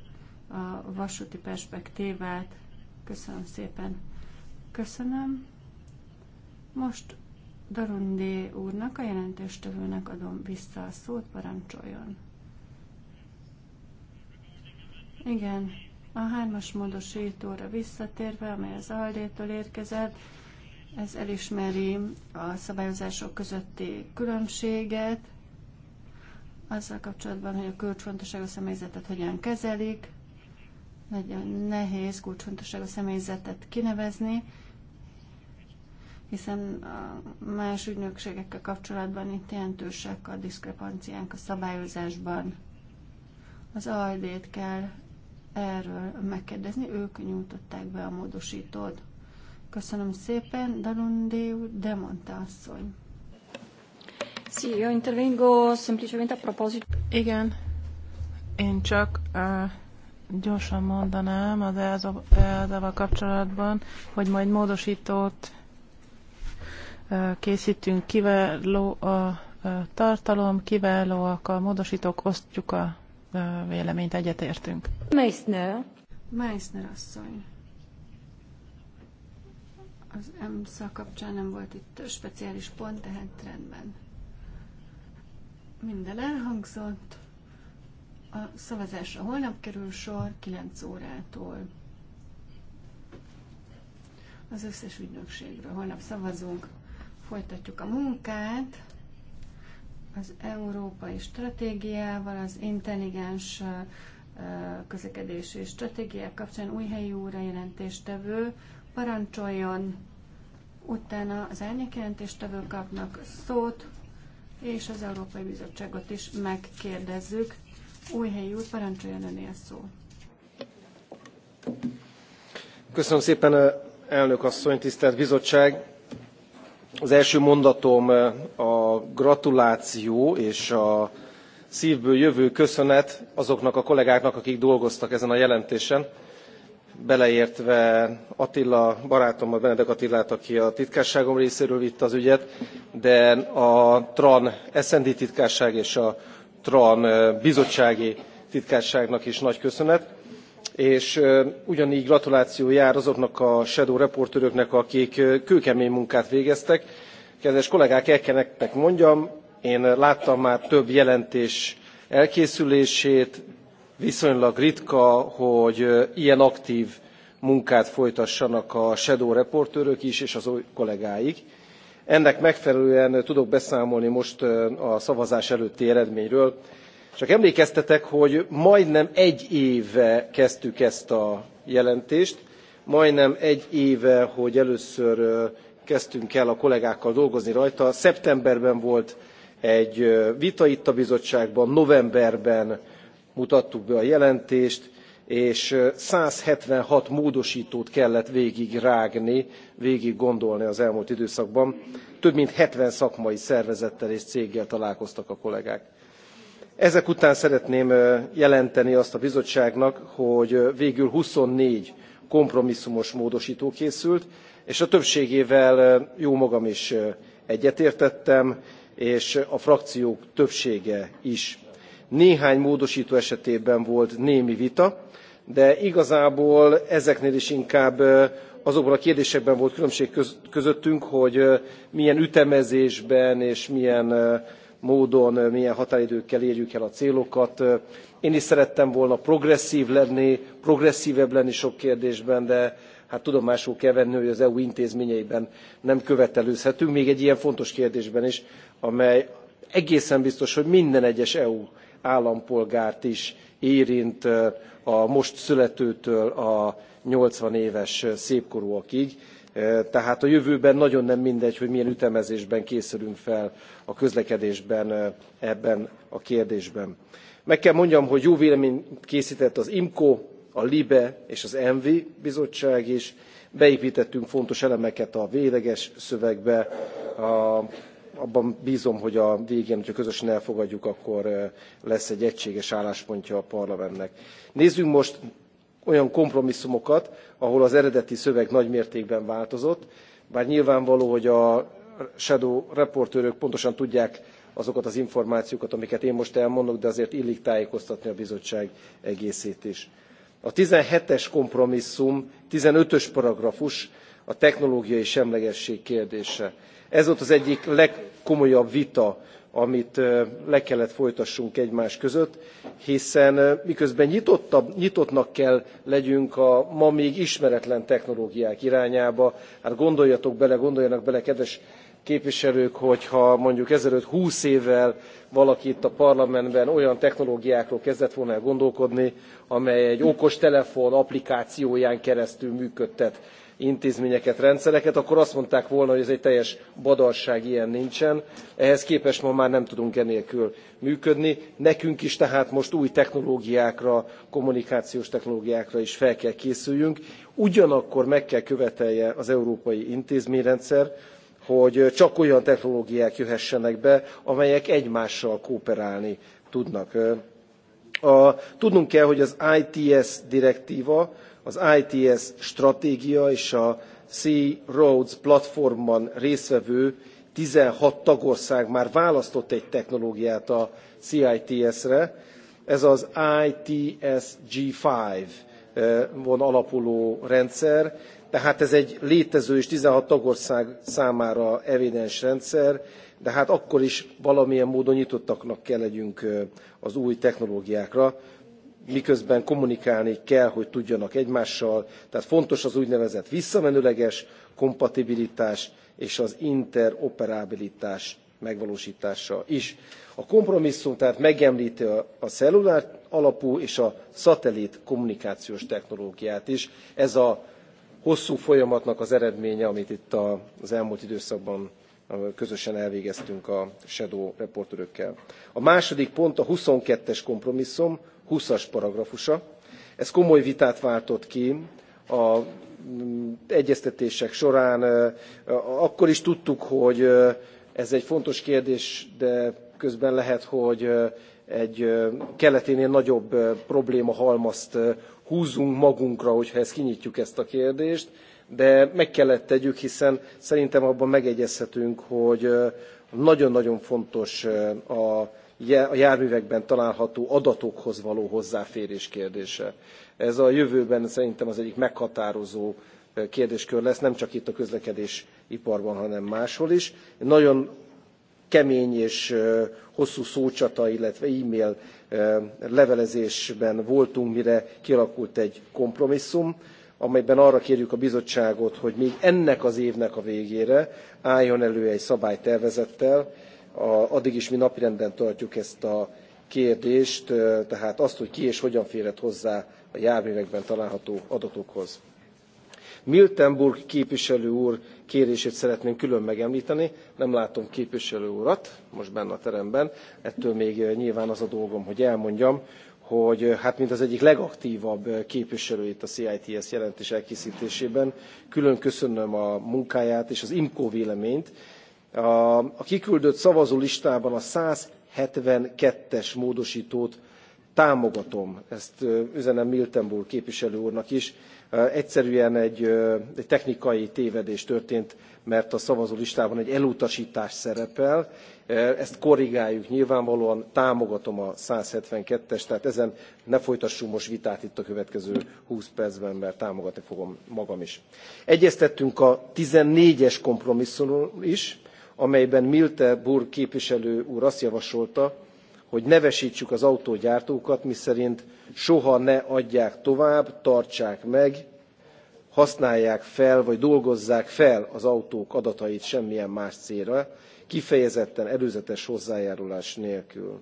a vasúti perspektívát. Köszönöm szépen. Köszönöm. Most Darundi úrnak, a jelentéstevőnek adom vissza a szót, parancsoljon. Igen, a hármas módosítóra visszatérve, amely az Aldétől érkezett, ez elismeri a szabályozások közötti különbséget, azzal kapcsolatban, hogy a kulcsfontosságú személyzetet hogyan kezelik, nagyon nehéz kulcsfontosságú személyzetet kinevezni, hiszen a más ügynökségekkel kapcsolatban itt jelentősek a diszkrepanciánk a szabályozásban. Az ALD-t kell erről megkérdezni, ők nyújtották be a módosítót. Köszönöm szépen, Dalundi de mondta asszony. Sì, io intervengo semplicemente a Igen, én csak uh, gyorsan mondanám az ELZA-val e kapcsolatban, hogy majd módosítót készítünk, kiváló a tartalom, kiválóak a módosítók, osztjuk a véleményt egyetértünk. Meissner. Meissner asszony. Az EMSZA kapcsán nem volt itt speciális pont, tehát rendben. Minden elhangzott. A szavazásra holnap kerül sor 9 órától. Az összes ügynökségről holnap szavazunk, folytatjuk a munkát az európai stratégiával, az intelligens közlekedési stratégiák kapcsán új helyi úra jelentéstevő parancsoljon, utána az árnyékjelentéstevő kapnak szót, és az Európai Bizottságot is megkérdezzük. Új helyi úr, parancsoljon a szó. Köszönöm szépen, elnök asszony, tisztelt bizottság! Az első mondatom eh, a gratuláció és a szívből jövő köszönet azoknak a kollégáknak, akik dolgoztak ezen a jelentésen, beleértve Attila barátommal, Benedek Attilát, aki a titkárságom részéről vitte az ügyet, de a TRAN SND titkárság és a TRAN eh, bizottsági titkárságnak is nagy köszönet és ugyanígy gratuláció jár azoknak a shadow raportőröknek, akik kőkemény munkát végeztek. Kedves kollégák, el kell nektek mondjam, én láttam már több jelentés elkészülését, viszonylag ritka, hogy ilyen aktív munkát folytassanak a shadow raportőrök is, és az új kollégáik. Ennek megfelelően tudok beszámolni most a szavazás előtti eredményről. Csak emlékeztetek, hogy majdnem egy éve kezdtük ezt a jelentést, majdnem egy éve, hogy először kezdtünk el a kollégákkal dolgozni rajta. Szeptemberben volt egy vita itt a bizottságban, novemberben mutattuk be a jelentést, és 176 módosítót kellett végig rágni, végig gondolni az elmúlt időszakban. Több mint 70 szakmai szervezettel és céggel találkoztak a kollégák ezek után szeretném jelenteni azt a bizottságnak hogy végül twenty four kompromisszumos módostó készült és a többségével jómagam is egyetértettem és a frakciók többsége is. néhány módostó esetében volt némi vita de igazából ezeknél is inkább azokban a kérdésekben volt különbség közöttünk hogy milyen ütemezésben és milyen módon milyen határidőkkel érjük el a célokat. Én is szerettem volna progresszív lenni, progresszívebb lenni sok kérdésben, de hát tudomásul kell venni, hogy az EU intézményeiben nem követelőzhetünk, még egy ilyen fontos kérdésben is, amely egészen biztos, hogy minden egyes EU állampolgárt is érint a most születőtől a 80 éves szépkorúakig tehát a jövőben nagyon nem mindegy, hogy milyen ütemezésben készülünk fel a közlekedésben ebben a kérdésben. Meg kell mondjam, hogy jó véleményt készített az IMCO, a LIBE és az ENVI bizottság is. Beépítettünk fontos elemeket a véleges szövegbe. abban bízom, hogy a végén, hogyha közösen elfogadjuk, akkor lesz egy egységes álláspontja a parlamentnek. Nézzünk most olyan kompromisszumokat, ahol az eredeti szöveg nagy mértékben változott, bár nyilvánvaló, hogy a shadow reportőrök pontosan tudják azokat az információkat, amiket én most elmondok, de azért illik tájékoztatni a bizottság egészét is. A 17-es kompromisszum 15-ös paragrafus a technológiai semlegesség kérdése. Ez volt az egyik legkomolyabb vita amit le kellett folytassunk egymás között, hiszen miközben nyitottabb, nyitottnak kell legyünk a ma még ismeretlen technológiák irányába, hát gondoljatok bele, gondoljanak bele, kedves képviselők, hogyha mondjuk ezelőtt 20 évvel valaki itt a parlamentben olyan technológiákról kezdett volna el gondolkodni, amely egy okos telefon applikációján keresztül működtet intézményeket, rendszereket, akkor azt mondták volna, hogy ez egy teljes badarság, ilyen nincsen. Ehhez képest ma már nem tudunk enélkül működni. Nekünk is tehát most új technológiákra, kommunikációs technológiákra is fel kell készüljünk. Ugyanakkor meg kell követelje az európai intézményrendszer, hogy csak olyan technológiák jöhessenek be, amelyek egymással kooperálni tudnak. A, tudnunk kell, hogy az ITS direktíva az ITS stratégia és a Sea Roads platformban résztvevő 16 tagország már választott egy technológiát a CITS-re. Ez az ITS g 5 eh, von alapuló rendszer, tehát ez egy létező és 16 tagország számára evidens rendszer, de hát akkor is valamilyen módon nyitottaknak kell legyünk eh, az új technológiákra miközben kommunikálni kell, hogy tudjanak egymással. Tehát fontos az úgynevezett visszamenőleges kompatibilitás és az interoperabilitás megvalósítása is. A kompromisszum tehát megemlíti a cellulár alapú és a szatellit kommunikációs technológiát is. Ez a hosszú folyamatnak az eredménye, amit itt az elmúlt időszakban közösen elvégeztünk a shadow raportőrökkel. A második pont a 22-es kompromisszum, 20-as paragrafusa. Ez komoly vitát váltott ki a mm, egyeztetések során. Akkor is tudtuk, hogy ez egy fontos kérdés, de közben lehet, hogy egy keleténél nagyobb probléma halmazt húzunk magunkra, hogyha ezt kinyitjuk ezt a kérdést, de meg kellett tegyük, hiszen szerintem abban megegyezhetünk, hogy nagyon-nagyon fontos a a járművekben található adatokhoz való hozzáférés kérdése. Ez a jövőben szerintem az egyik meghatározó kérdéskör lesz, nem csak itt a közlekedés iparban, hanem máshol is. Nagyon kemény és hosszú szócsata, illetve e-mail levelezésben voltunk, mire kialakult egy kompromisszum, amelyben arra kérjük a bizottságot, hogy még ennek az évnek a végére álljon elő egy szabálytervezettel, a, addig is mi napirenden tartjuk ezt a kérdést, tehát azt, hogy ki és hogyan férhet hozzá a járművekben található adatokhoz. Miltenburg képviselő úr kérését szeretném külön megemlíteni. Nem látom képviselő urat most benne a teremben, ettől még nyilván az a dolgom, hogy elmondjam, hogy hát mint az egyik legaktívabb képviselő itt a CITS jelentés elkészítésében, külön köszönöm a munkáját és az IMCO véleményt, a kiküldött szavazólistában a 172-es módosítót támogatom. Ezt üzenem Miltenburg képviselő úrnak is. Egyszerűen egy, egy technikai tévedés történt, mert a szavazólistában egy elutasítás szerepel. Ezt korrigáljuk nyilvánvalóan, támogatom a 172-es, tehát ezen ne folytassunk most vitát itt a következő 20 percben, mert támogatni fogom magam is. Egyeztettünk a 14-es kompromisszumról is, amelyben Milter Burg képviselő úr azt javasolta, hogy nevesítsük az autógyártókat, miszerint soha ne adják tovább, tartsák meg, használják fel, vagy dolgozzák fel az autók adatait semmilyen más célra, kifejezetten előzetes hozzájárulás nélkül.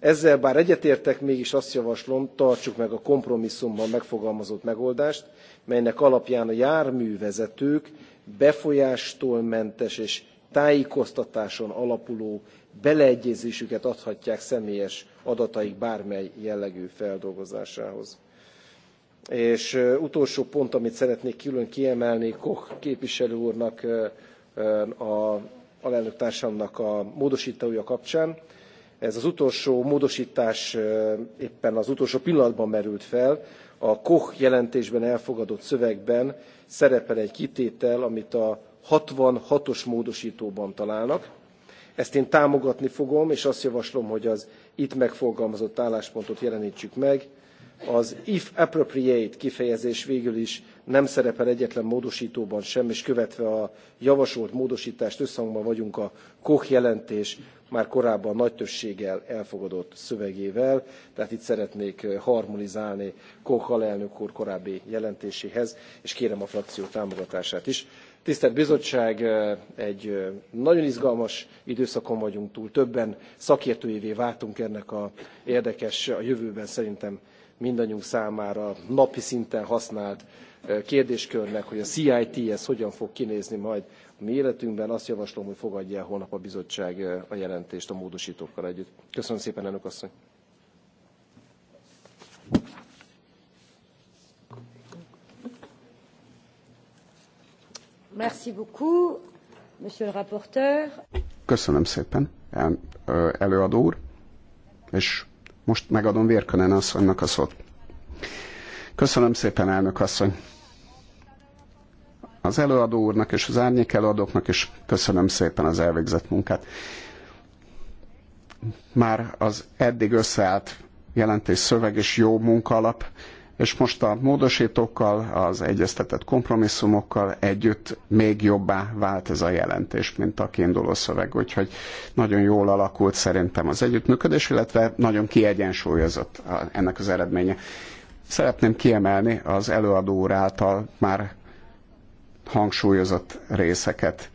Ezzel bár egyetértek, mégis azt javaslom, tartsuk meg a kompromisszumban megfogalmazott megoldást, melynek alapján a járművezetők befolyástól mentes és tájékoztatáson alapuló beleegyezésüket adhatják személyes adataik bármely jellegű feldolgozásához. És utolsó pont, amit szeretnék külön kiemelni, Koch képviselő úrnak, a alelnök társamnak a módosítója kapcsán. Ez az utolsó módosítás éppen az utolsó pillanatban merült fel. A Koch jelentésben elfogadott szövegben szerepel egy kitétel, amit a 66-os módosítóban találnak. Ezt én támogatni fogom, és azt javaslom, hogy az itt megfogalmazott álláspontot jelenítsük meg. Az if appropriate kifejezés végül is nem szerepel egyetlen módosítóban sem, és követve a javasolt módosítást összhangban vagyunk a Koch jelentés már korábban nagy többséggel elfogadott szövegével, tehát itt szeretnék harmonizálni Koch alelnök úr korábbi jelentéséhez, és kérem a frakció támogatását is. Tisztelt Bizottság, egy nagyon izgalmas időszakon vagyunk túl, többen szakértőjévé váltunk ennek a érdekes, a jövőben szerintem mindannyiunk számára napi szinten használt kérdéskörnek, hogy a CIT ez hogyan fog kinézni majd a mi életünkben. Azt javaslom, hogy fogadja el holnap a bizottság a jelentést a módosítókkal együtt. Köszönöm szépen, elnök asszony! Köszönöm szépen, előadó úr, és most megadom Vérkönen asszonynak a szót. Köszönöm szépen, elnök asszony. Az előadó úrnak és az árnyék előadóknak is köszönöm szépen az elvégzett munkát. Már az eddig összeállt jelentés szöveg és jó munka alap és most a módosítókkal, az egyeztetett kompromisszumokkal együtt még jobbá vált ez a jelentés, mint a kiinduló szöveg, úgyhogy nagyon jól alakult szerintem az együttműködés, illetve nagyon kiegyensúlyozott ennek az eredménye. Szeretném kiemelni az előadó úr által már hangsúlyozott részeket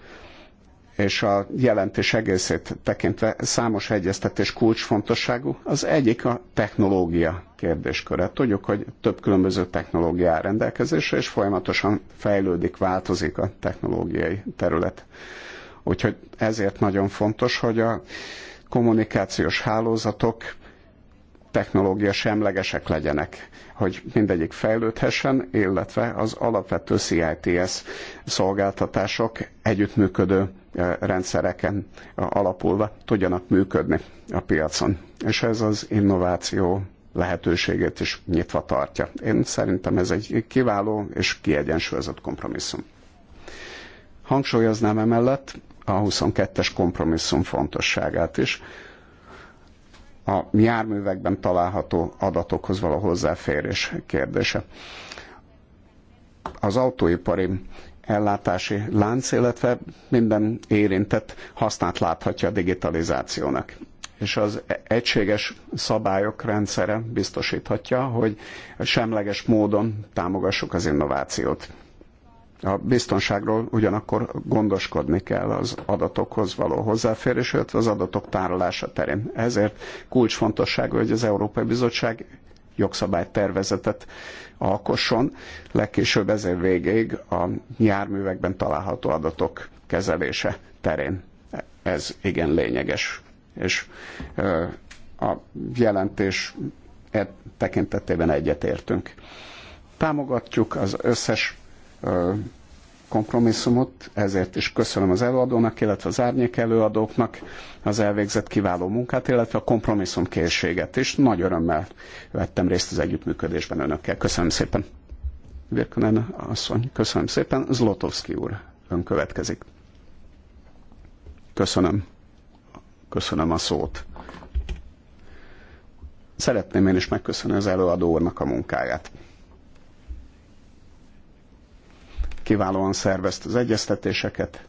és a jelentés egészét tekintve számos egyeztetés kulcsfontosságú. Az egyik a technológia kérdésköre. Tudjuk, hogy több különböző technológia áll rendelkezésre, és folyamatosan fejlődik, változik a technológiai terület. Úgyhogy ezért nagyon fontos, hogy a kommunikációs hálózatok technológia semlegesek legyenek, hogy mindegyik fejlődhessen, illetve az alapvető CITS szolgáltatások együttműködő eh, rendszereken eh, alapulva tudjanak működni a piacon. És ez az innováció lehetőségét is nyitva tartja. Én szerintem ez egy kiváló és kiegyensúlyozott kompromisszum. Hangsúlyoznám emellett a 22-es kompromisszum fontosságát is, a járművekben található adatokhoz való hozzáférés kérdése. Az autóipari ellátási lánc, illetve minden érintett hasznát láthatja a digitalizációnak. És az egységes szabályok rendszere biztosíthatja, hogy semleges módon támogassuk az innovációt. A biztonságról ugyanakkor gondoskodni kell az adatokhoz való hozzáférés, illetve az adatok tárolása terén. Ezért kulcsfontosságú, hogy az Európai Bizottság jogszabálytervezetet alkosson, legkésőbb ezért végéig a járművekben található adatok kezelése terén. Ez igen lényeges. És a jelentés e tekintetében egyetértünk. Támogatjuk az összes kompromisszumot, ezért is köszönöm az előadónak, illetve az árnyék előadóknak az elvégzett kiváló munkát, illetve a kompromisszum készséget is. Nagy örömmel vettem részt az együttműködésben önökkel. Köszönöm szépen. Virkonen asszony, köszönöm szépen. Zlotowski úr, ön következik. Köszönöm. Köszönöm a szót. Szeretném én is megköszönni az előadó úrnak a munkáját kiválóan szervezte az egyeztetéseket,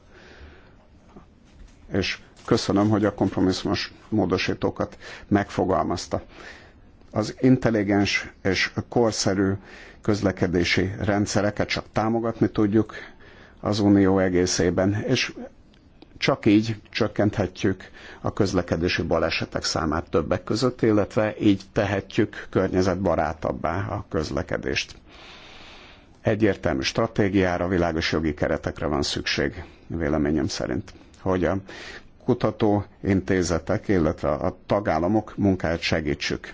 és köszönöm, hogy a kompromisszumos módosítókat megfogalmazta. Az intelligens és korszerű közlekedési rendszereket csak támogatni tudjuk az Unió egészében, és csak így csökkenthetjük a közlekedési balesetek számát többek között, illetve így tehetjük környezetbarátabbá a közlekedést egyértelmű stratégiára, világos jogi keretekre van szükség, véleményem szerint, hogy a kutató intézetek, illetve a tagállamok munkáját segítsük.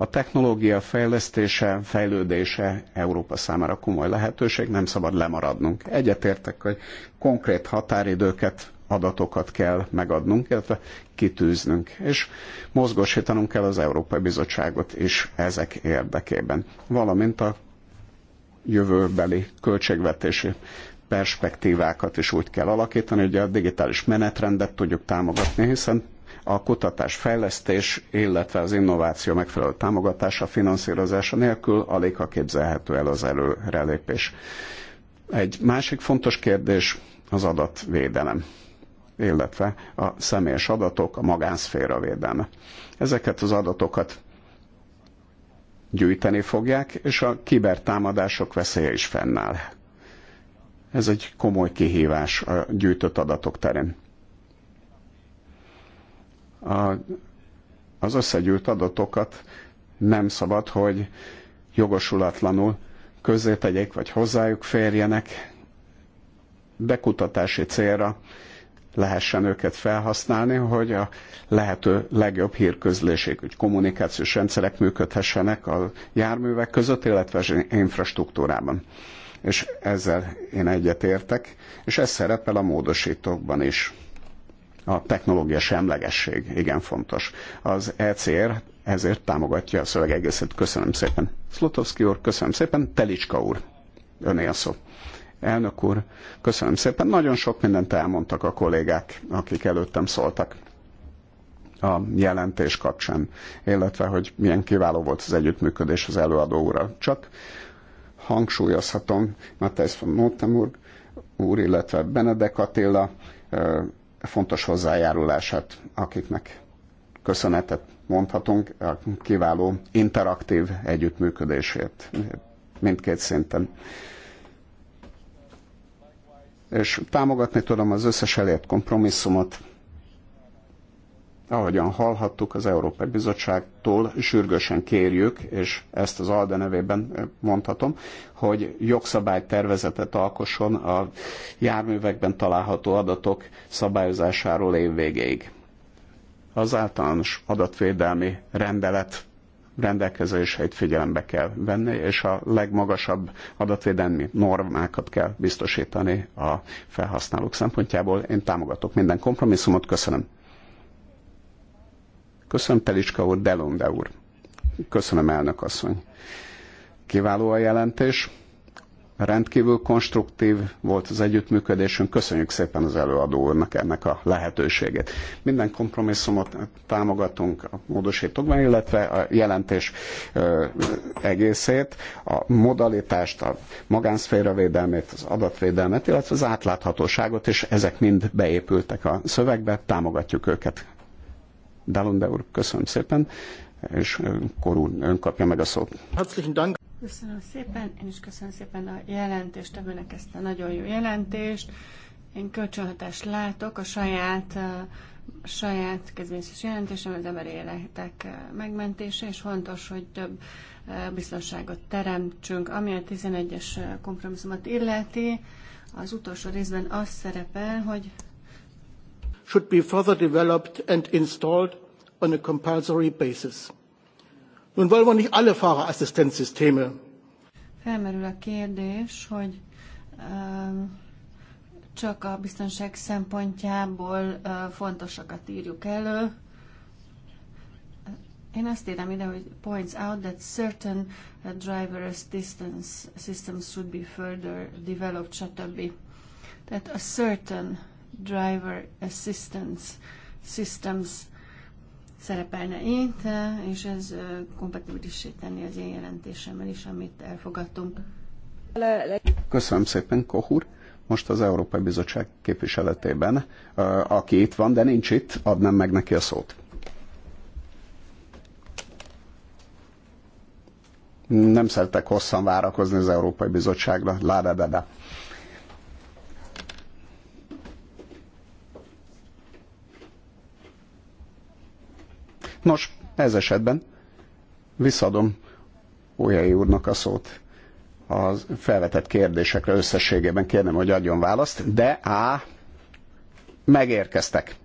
A technológia fejlesztése, fejlődése Európa számára komoly lehetőség, nem szabad lemaradnunk. Egyetértek, hogy konkrét határidőket adatokat kell megadnunk, illetve kitűznünk, és mozgósítanunk kell az Európai Bizottságot is ezek érdekében, valamint a jövőbeli költségvetési perspektívákat is úgy kell alakítani, hogy a digitális menetrendet tudjuk támogatni, hiszen a kutatás fejlesztés, illetve az innováció megfelelő támogatása, finanszírozása nélkül alig a képzelhető el az előrelépés. Egy másik fontos kérdés az adatvédelem illetve a személyes adatok, a magánszféra védelme. Ezeket az adatokat gyűjteni fogják, és a kibertámadások veszélye is fennáll. Ez egy komoly kihívás a gyűjtött adatok terén. A, az összegyűjt adatokat nem szabad, hogy jogosulatlanul közzétegyék, vagy hozzájuk férjenek, bekutatási célra lehessen őket felhasználni, hogy a lehető legjobb hírközlési kommunikációs rendszerek működhessenek a járművek között, illetve az infrastruktúrában. És ezzel én egyetértek, és ez szerepel a módosítókban is. A technológia semlegesség igen fontos. Az ECR ezért támogatja a szövegegészet. Köszönöm szépen. Szlotowski úr, köszönöm szépen. Telicska úr, öné a szó. Elnök úr, köszönöm szépen. Nagyon sok mindent elmondtak a kollégák, akik előttem szóltak a jelentés kapcsán, illetve hogy milyen kiváló volt az együttműködés az előadó úrral. Csak hangsúlyozhatom, Matthijs von Notenburg úr, illetve Benedek Attila fontos hozzájárulását, akiknek köszönetet mondhatunk a kiváló interaktív együttműködésért mindkét szinten és támogatni tudom az összes elért kompromisszumot. Ahogyan hallhattuk, az Európai Bizottságtól sürgősen kérjük, és ezt az ALDE nevében mondhatom, hogy jogszabálytervezetet alkosson a járművekben található adatok szabályozásáról évvégéig. Az általános adatvédelmi rendelet rendelkezéseit figyelembe kell venni, és a legmagasabb adatvédelmi normákat kell biztosítani a felhasználók szempontjából. Én támogatok minden kompromisszumot, köszönöm. Köszönöm Telicska úr, Delonde úr. Köszönöm elnök asszony. Kiváló a jelentés Rendkívül konstruktív volt az együttműködésünk. Köszönjük szépen az előadó úrnak ennek a lehetőséget. Minden kompromisszumot támogatunk a módosítókban, illetve a jelentés egészét, a modalitást, a magánszféra védelmét, az adatvédelmet, illetve az átláthatóságot, és ezek mind beépültek a szövegbe, támogatjuk őket. Dalunde úr, köszönöm szépen, és Korú ön kapja meg a szót. Köszönöm szépen, én is köszönöm szépen a jelentést, tevőnek ezt a nagyon jó jelentést. Én kölcsönhatást látok a saját, a saját kezdeményezés jelentésem, az emberi életek megmentése, és fontos, hogy több biztonságot teremtsünk. Ami a 11-es kompromisszumot illeti, az utolsó részben az szerepel, hogy should be further developed and installed on a compulsory basis. Nun wollen wir nicht alle Fahrerassistenzsysteme. Felmerül a kérdés, hogy csak a biztonság szempontjából fontosakat írjuk elő. Én azt írem ide, hogy points out that certain driver assistance systems should be further developed, stb. Tehát a certain driver assistance systems szerepelne itt, és ez kompatibilissé tenni az én jelentésemmel is, amit elfogadtunk. Köszönöm szépen, Kohur. Most az Európai Bizottság képviseletében, aki itt van, de nincs itt, adnám meg neki a szót. Nem szeretek hosszan várakozni az Európai Bizottságra. Láda, de, de, de. Nos, ez esetben visszadom Ujjai úrnak a szót a felvetett kérdésekre összességében kérném, hogy adjon választ, de á, megérkeztek.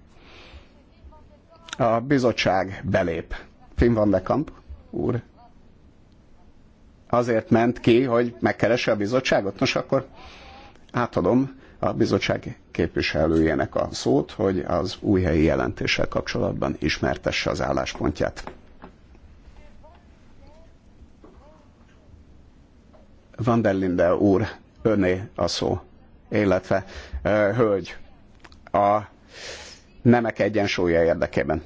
A bizottság belép. Finn van de Kamp úr azért ment ki, hogy megkeresse a bizottságot. Nos, akkor átadom a bizottság képviselőjének a szót, hogy az új helyi jelentéssel kapcsolatban ismertesse az álláspontját. Van der Linde úr, öné a szó, illetve uh, hölgy, a nemek egyensúlya érdekében.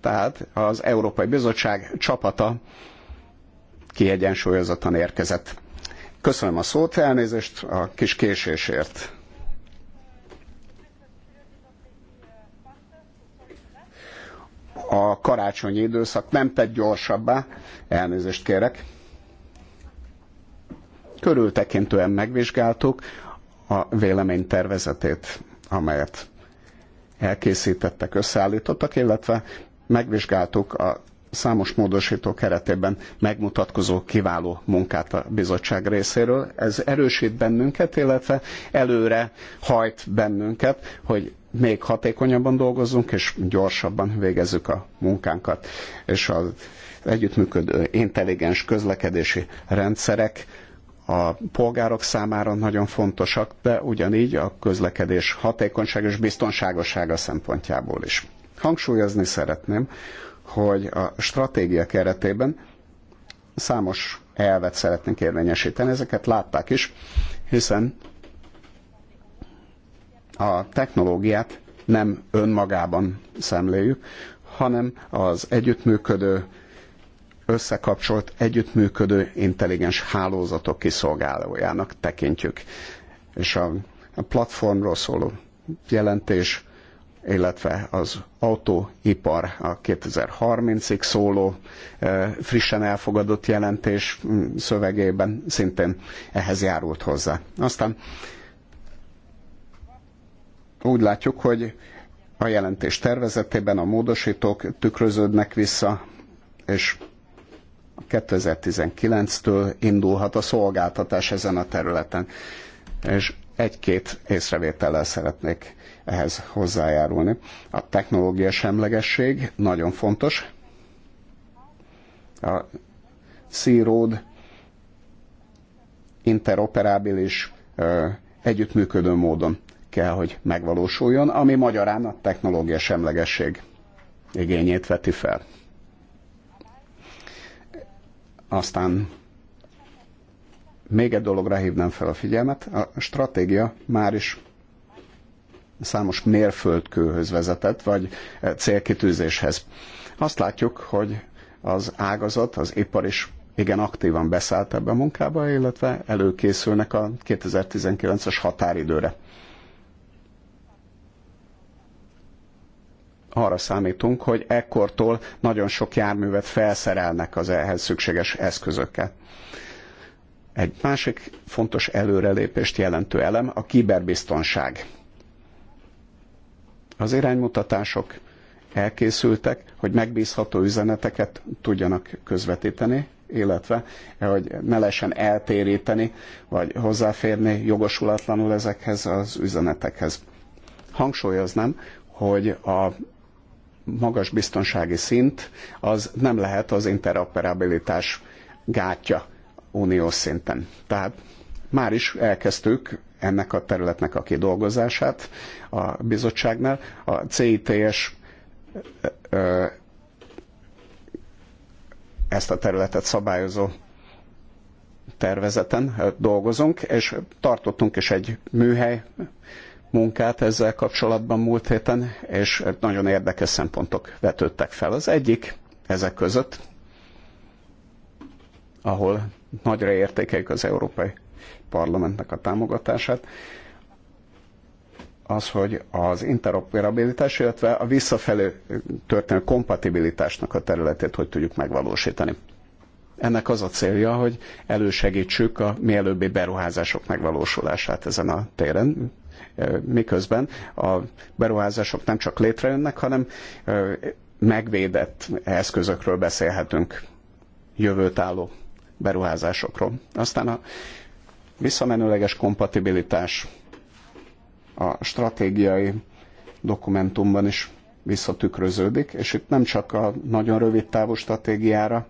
Tehát az Európai Bizottság csapata kiegyensúlyozottan érkezett. Köszönöm a szót, elnézést a kis késésért. a karácsonyi időszak nem tett gyorsabbá, elnézést kérek, körültekintően megvizsgáltuk a vélemény tervezetét, amelyet elkészítettek, összeállítottak, illetve megvizsgáltuk a számos módosító keretében megmutatkozó kiváló munkát a bizottság részéről. Ez erősít bennünket, illetve előre hajt bennünket, hogy még hatékonyabban dolgozzunk, és gyorsabban végezzük a munkánkat. És az együttműködő intelligens közlekedési rendszerek a polgárok számára nagyon fontosak, de ugyanígy a közlekedés hatékonyság és biztonságossága szempontjából is. Hangsúlyozni szeretném, hogy a stratégia keretében számos elvet szeretnénk érvényesíteni. Ezeket látták is, hiszen a technológiát nem önmagában szemléljük, hanem az együttműködő, összekapcsolt, együttműködő intelligens hálózatok kiszolgálójának tekintjük. És a, a platformról szóló jelentés illetve az autóipar a 2030-ig szóló e, frissen elfogadott jelentés mm, szövegében szintén ehhez járult hozzá. Aztán úgy látjuk, hogy a jelentés tervezetében a módosítók tükröződnek vissza, és 2019-től indulhat a szolgáltatás ezen a területen. És egy-két észrevétellel szeretnék ehhez hozzájárulni. A technológia semlegesség nagyon fontos. A C-Road interoperábilis együttműködő módon kell, hogy megvalósuljon, ami magyarán a technológia semlegesség igényét veti fel. Aztán még egy dologra hívnám fel a figyelmet, a stratégia már is számos mérföldkőhöz vezetett, vagy célkitűzéshez. Azt látjuk, hogy az ágazat, az ipar is igen aktívan beszállt ebbe a munkába, illetve előkészülnek a 2019-es határidőre. Arra számítunk, hogy ekkortól nagyon sok járművet felszerelnek az ehhez szükséges eszközökkel. Egy másik fontos előrelépést jelentő elem a kiberbiztonság az iránymutatások elkészültek, hogy megbízható üzeneteket tudjanak közvetíteni, illetve hogy ne lehessen eltéríteni, vagy hozzáférni jogosulatlanul ezekhez az üzenetekhez. Hangsúlyoznám, hogy a magas biztonsági szint az nem lehet az interoperabilitás gátja uniós szinten. Tehát már is elkezdtük ennek a területnek a kidolgozását a bizottságnál. A CITS ezt a területet szabályozó tervezeten dolgozunk, és tartottunk is egy műhely munkát ezzel kapcsolatban múlt héten, és nagyon érdekes szempontok vetődtek fel. Az egyik ezek között, ahol nagyra értékeljük az Európai parlamentnek a támogatását, az, hogy az interoperabilitás, illetve a visszafelé történő kompatibilitásnak a területét hogy tudjuk megvalósítani. Ennek az a célja, hogy elősegítsük a mielőbbi beruházások megvalósulását ezen a téren, miközben a beruházások nem csak létrejönnek, hanem megvédett eszközökről beszélhetünk, jövőt álló beruházásokról. Aztán a Visszamenőleges kompatibilitás a stratégiai dokumentumban is visszatükröződik, és itt nem csak a nagyon rövid távú stratégiára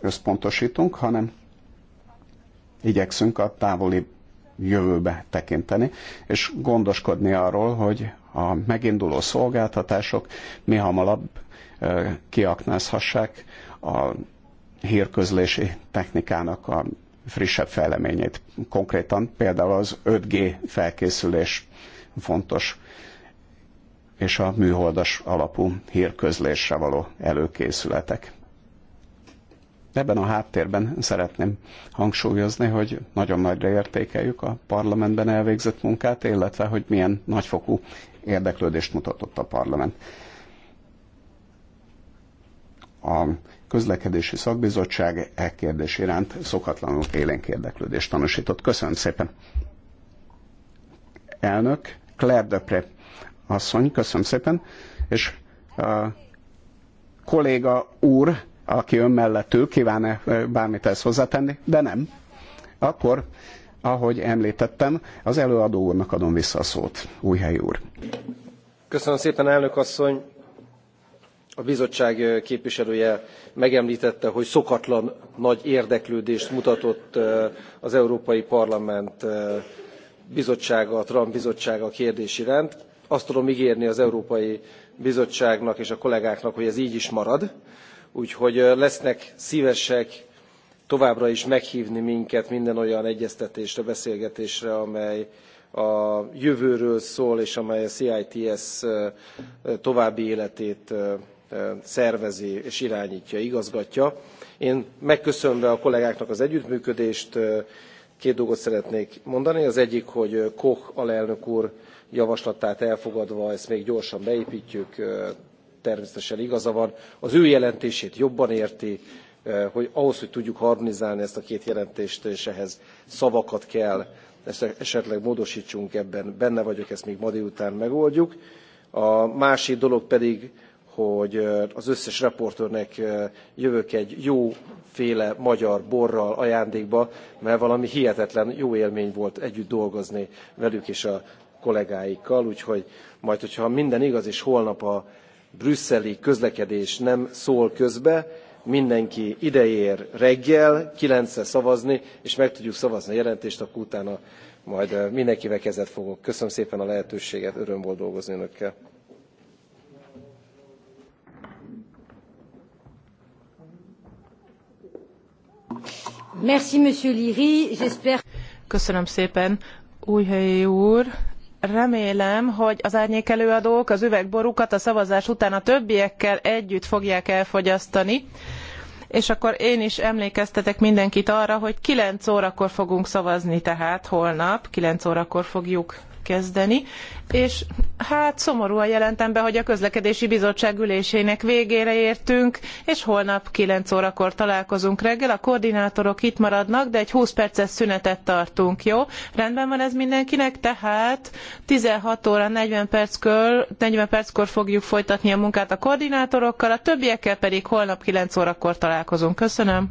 összpontosítunk, hanem igyekszünk a távoli jövőbe tekinteni, és gondoskodni arról, hogy a meginduló szolgáltatások mi hamarabb kiaknázhassák a hírközlési technikának a frissebb fejleményét. Konkrétan például az 5G felkészülés fontos, és a műholdas alapú hírközlésre való előkészületek. Ebben a háttérben szeretném hangsúlyozni, hogy nagyon nagyra értékeljük a parlamentben elvégzett munkát, illetve hogy milyen nagyfokú érdeklődést mutatott a parlament. A közlekedési szakbizottság e kérdés iránt szokatlanul élénk érdeklődést tanúsított. Köszönöm szépen. Elnök, Claire Döpré asszony, köszönöm szépen, és a kolléga úr, aki ön mellett ül, kíván-e bármit ezt hozzátenni, de nem. Akkor, ahogy említettem, az előadó úrnak adom vissza a szót, Újhelyi úr. Köszönöm szépen, elnök asszony a bizottság képviselője megemltette hogy szokatlan nagy érdeklődést mutatott az európai parlament bizottsága a tran bizottsága a kérdés iránt. azt tudom gérni az európai bizottságnak és a kollégáknak hogy ez gy is marad úgyhogy lesznek szvesek továbbra is meghvni minket minden olyan egyeztetésre beszélgetésre amely a jövőről szól és amely a cits további életét szervezi és irányítja, igazgatja. Én megköszönve a kollégáknak az együttműködést, két dolgot szeretnék mondani. Az egyik, hogy Koch alelnök úr javaslatát elfogadva ezt még gyorsan beépítjük, természetesen igaza van. Az ő jelentését jobban érti, hogy ahhoz, hogy tudjuk harmonizálni ezt a két jelentést, és ehhez szavakat kell, ezt esetleg módosítsunk ebben, benne vagyok, ezt még ma délután megoldjuk. A másik dolog pedig hogy az összes reportőrnek jövök egy jóféle magyar borral ajándékba, mert valami hihetetlen jó élmény volt együtt dolgozni velük és a kollégáikkal, úgyhogy majd, hogyha minden igaz, és holnap a brüsszeli közlekedés nem szól közbe, mindenki ideér reggel, kilencre szavazni, és meg tudjuk szavazni a jelentést, akkor utána majd mindenkivel kezet fogok. Köszönöm szépen a lehetőséget, öröm volt dolgozni önökkel. Köszönöm szépen, Újhelyi úr. Remélem, hogy az árnyék előadók az üvegborukat a szavazás után a többiekkel együtt fogják elfogyasztani és akkor én is emlékeztetek mindenkit arra, hogy 9 órakor fogunk szavazni, tehát holnap 9 órakor fogjuk megkezdeni, és hát szomorúan jelentem be, hogy a közlekedési bizottság ülésének végére értünk, és holnap 9 órakor találkozunk reggel, a koordinátorok itt maradnak, de egy 20 perces szünetet tartunk, jó? Rendben van ez mindenkinek, tehát 16 óra 40 perckor, 40 perckor fogjuk folytatni a munkát a koordinátorokkal, a többiekkel pedig holnap 9 órakor találkozunk. Köszönöm.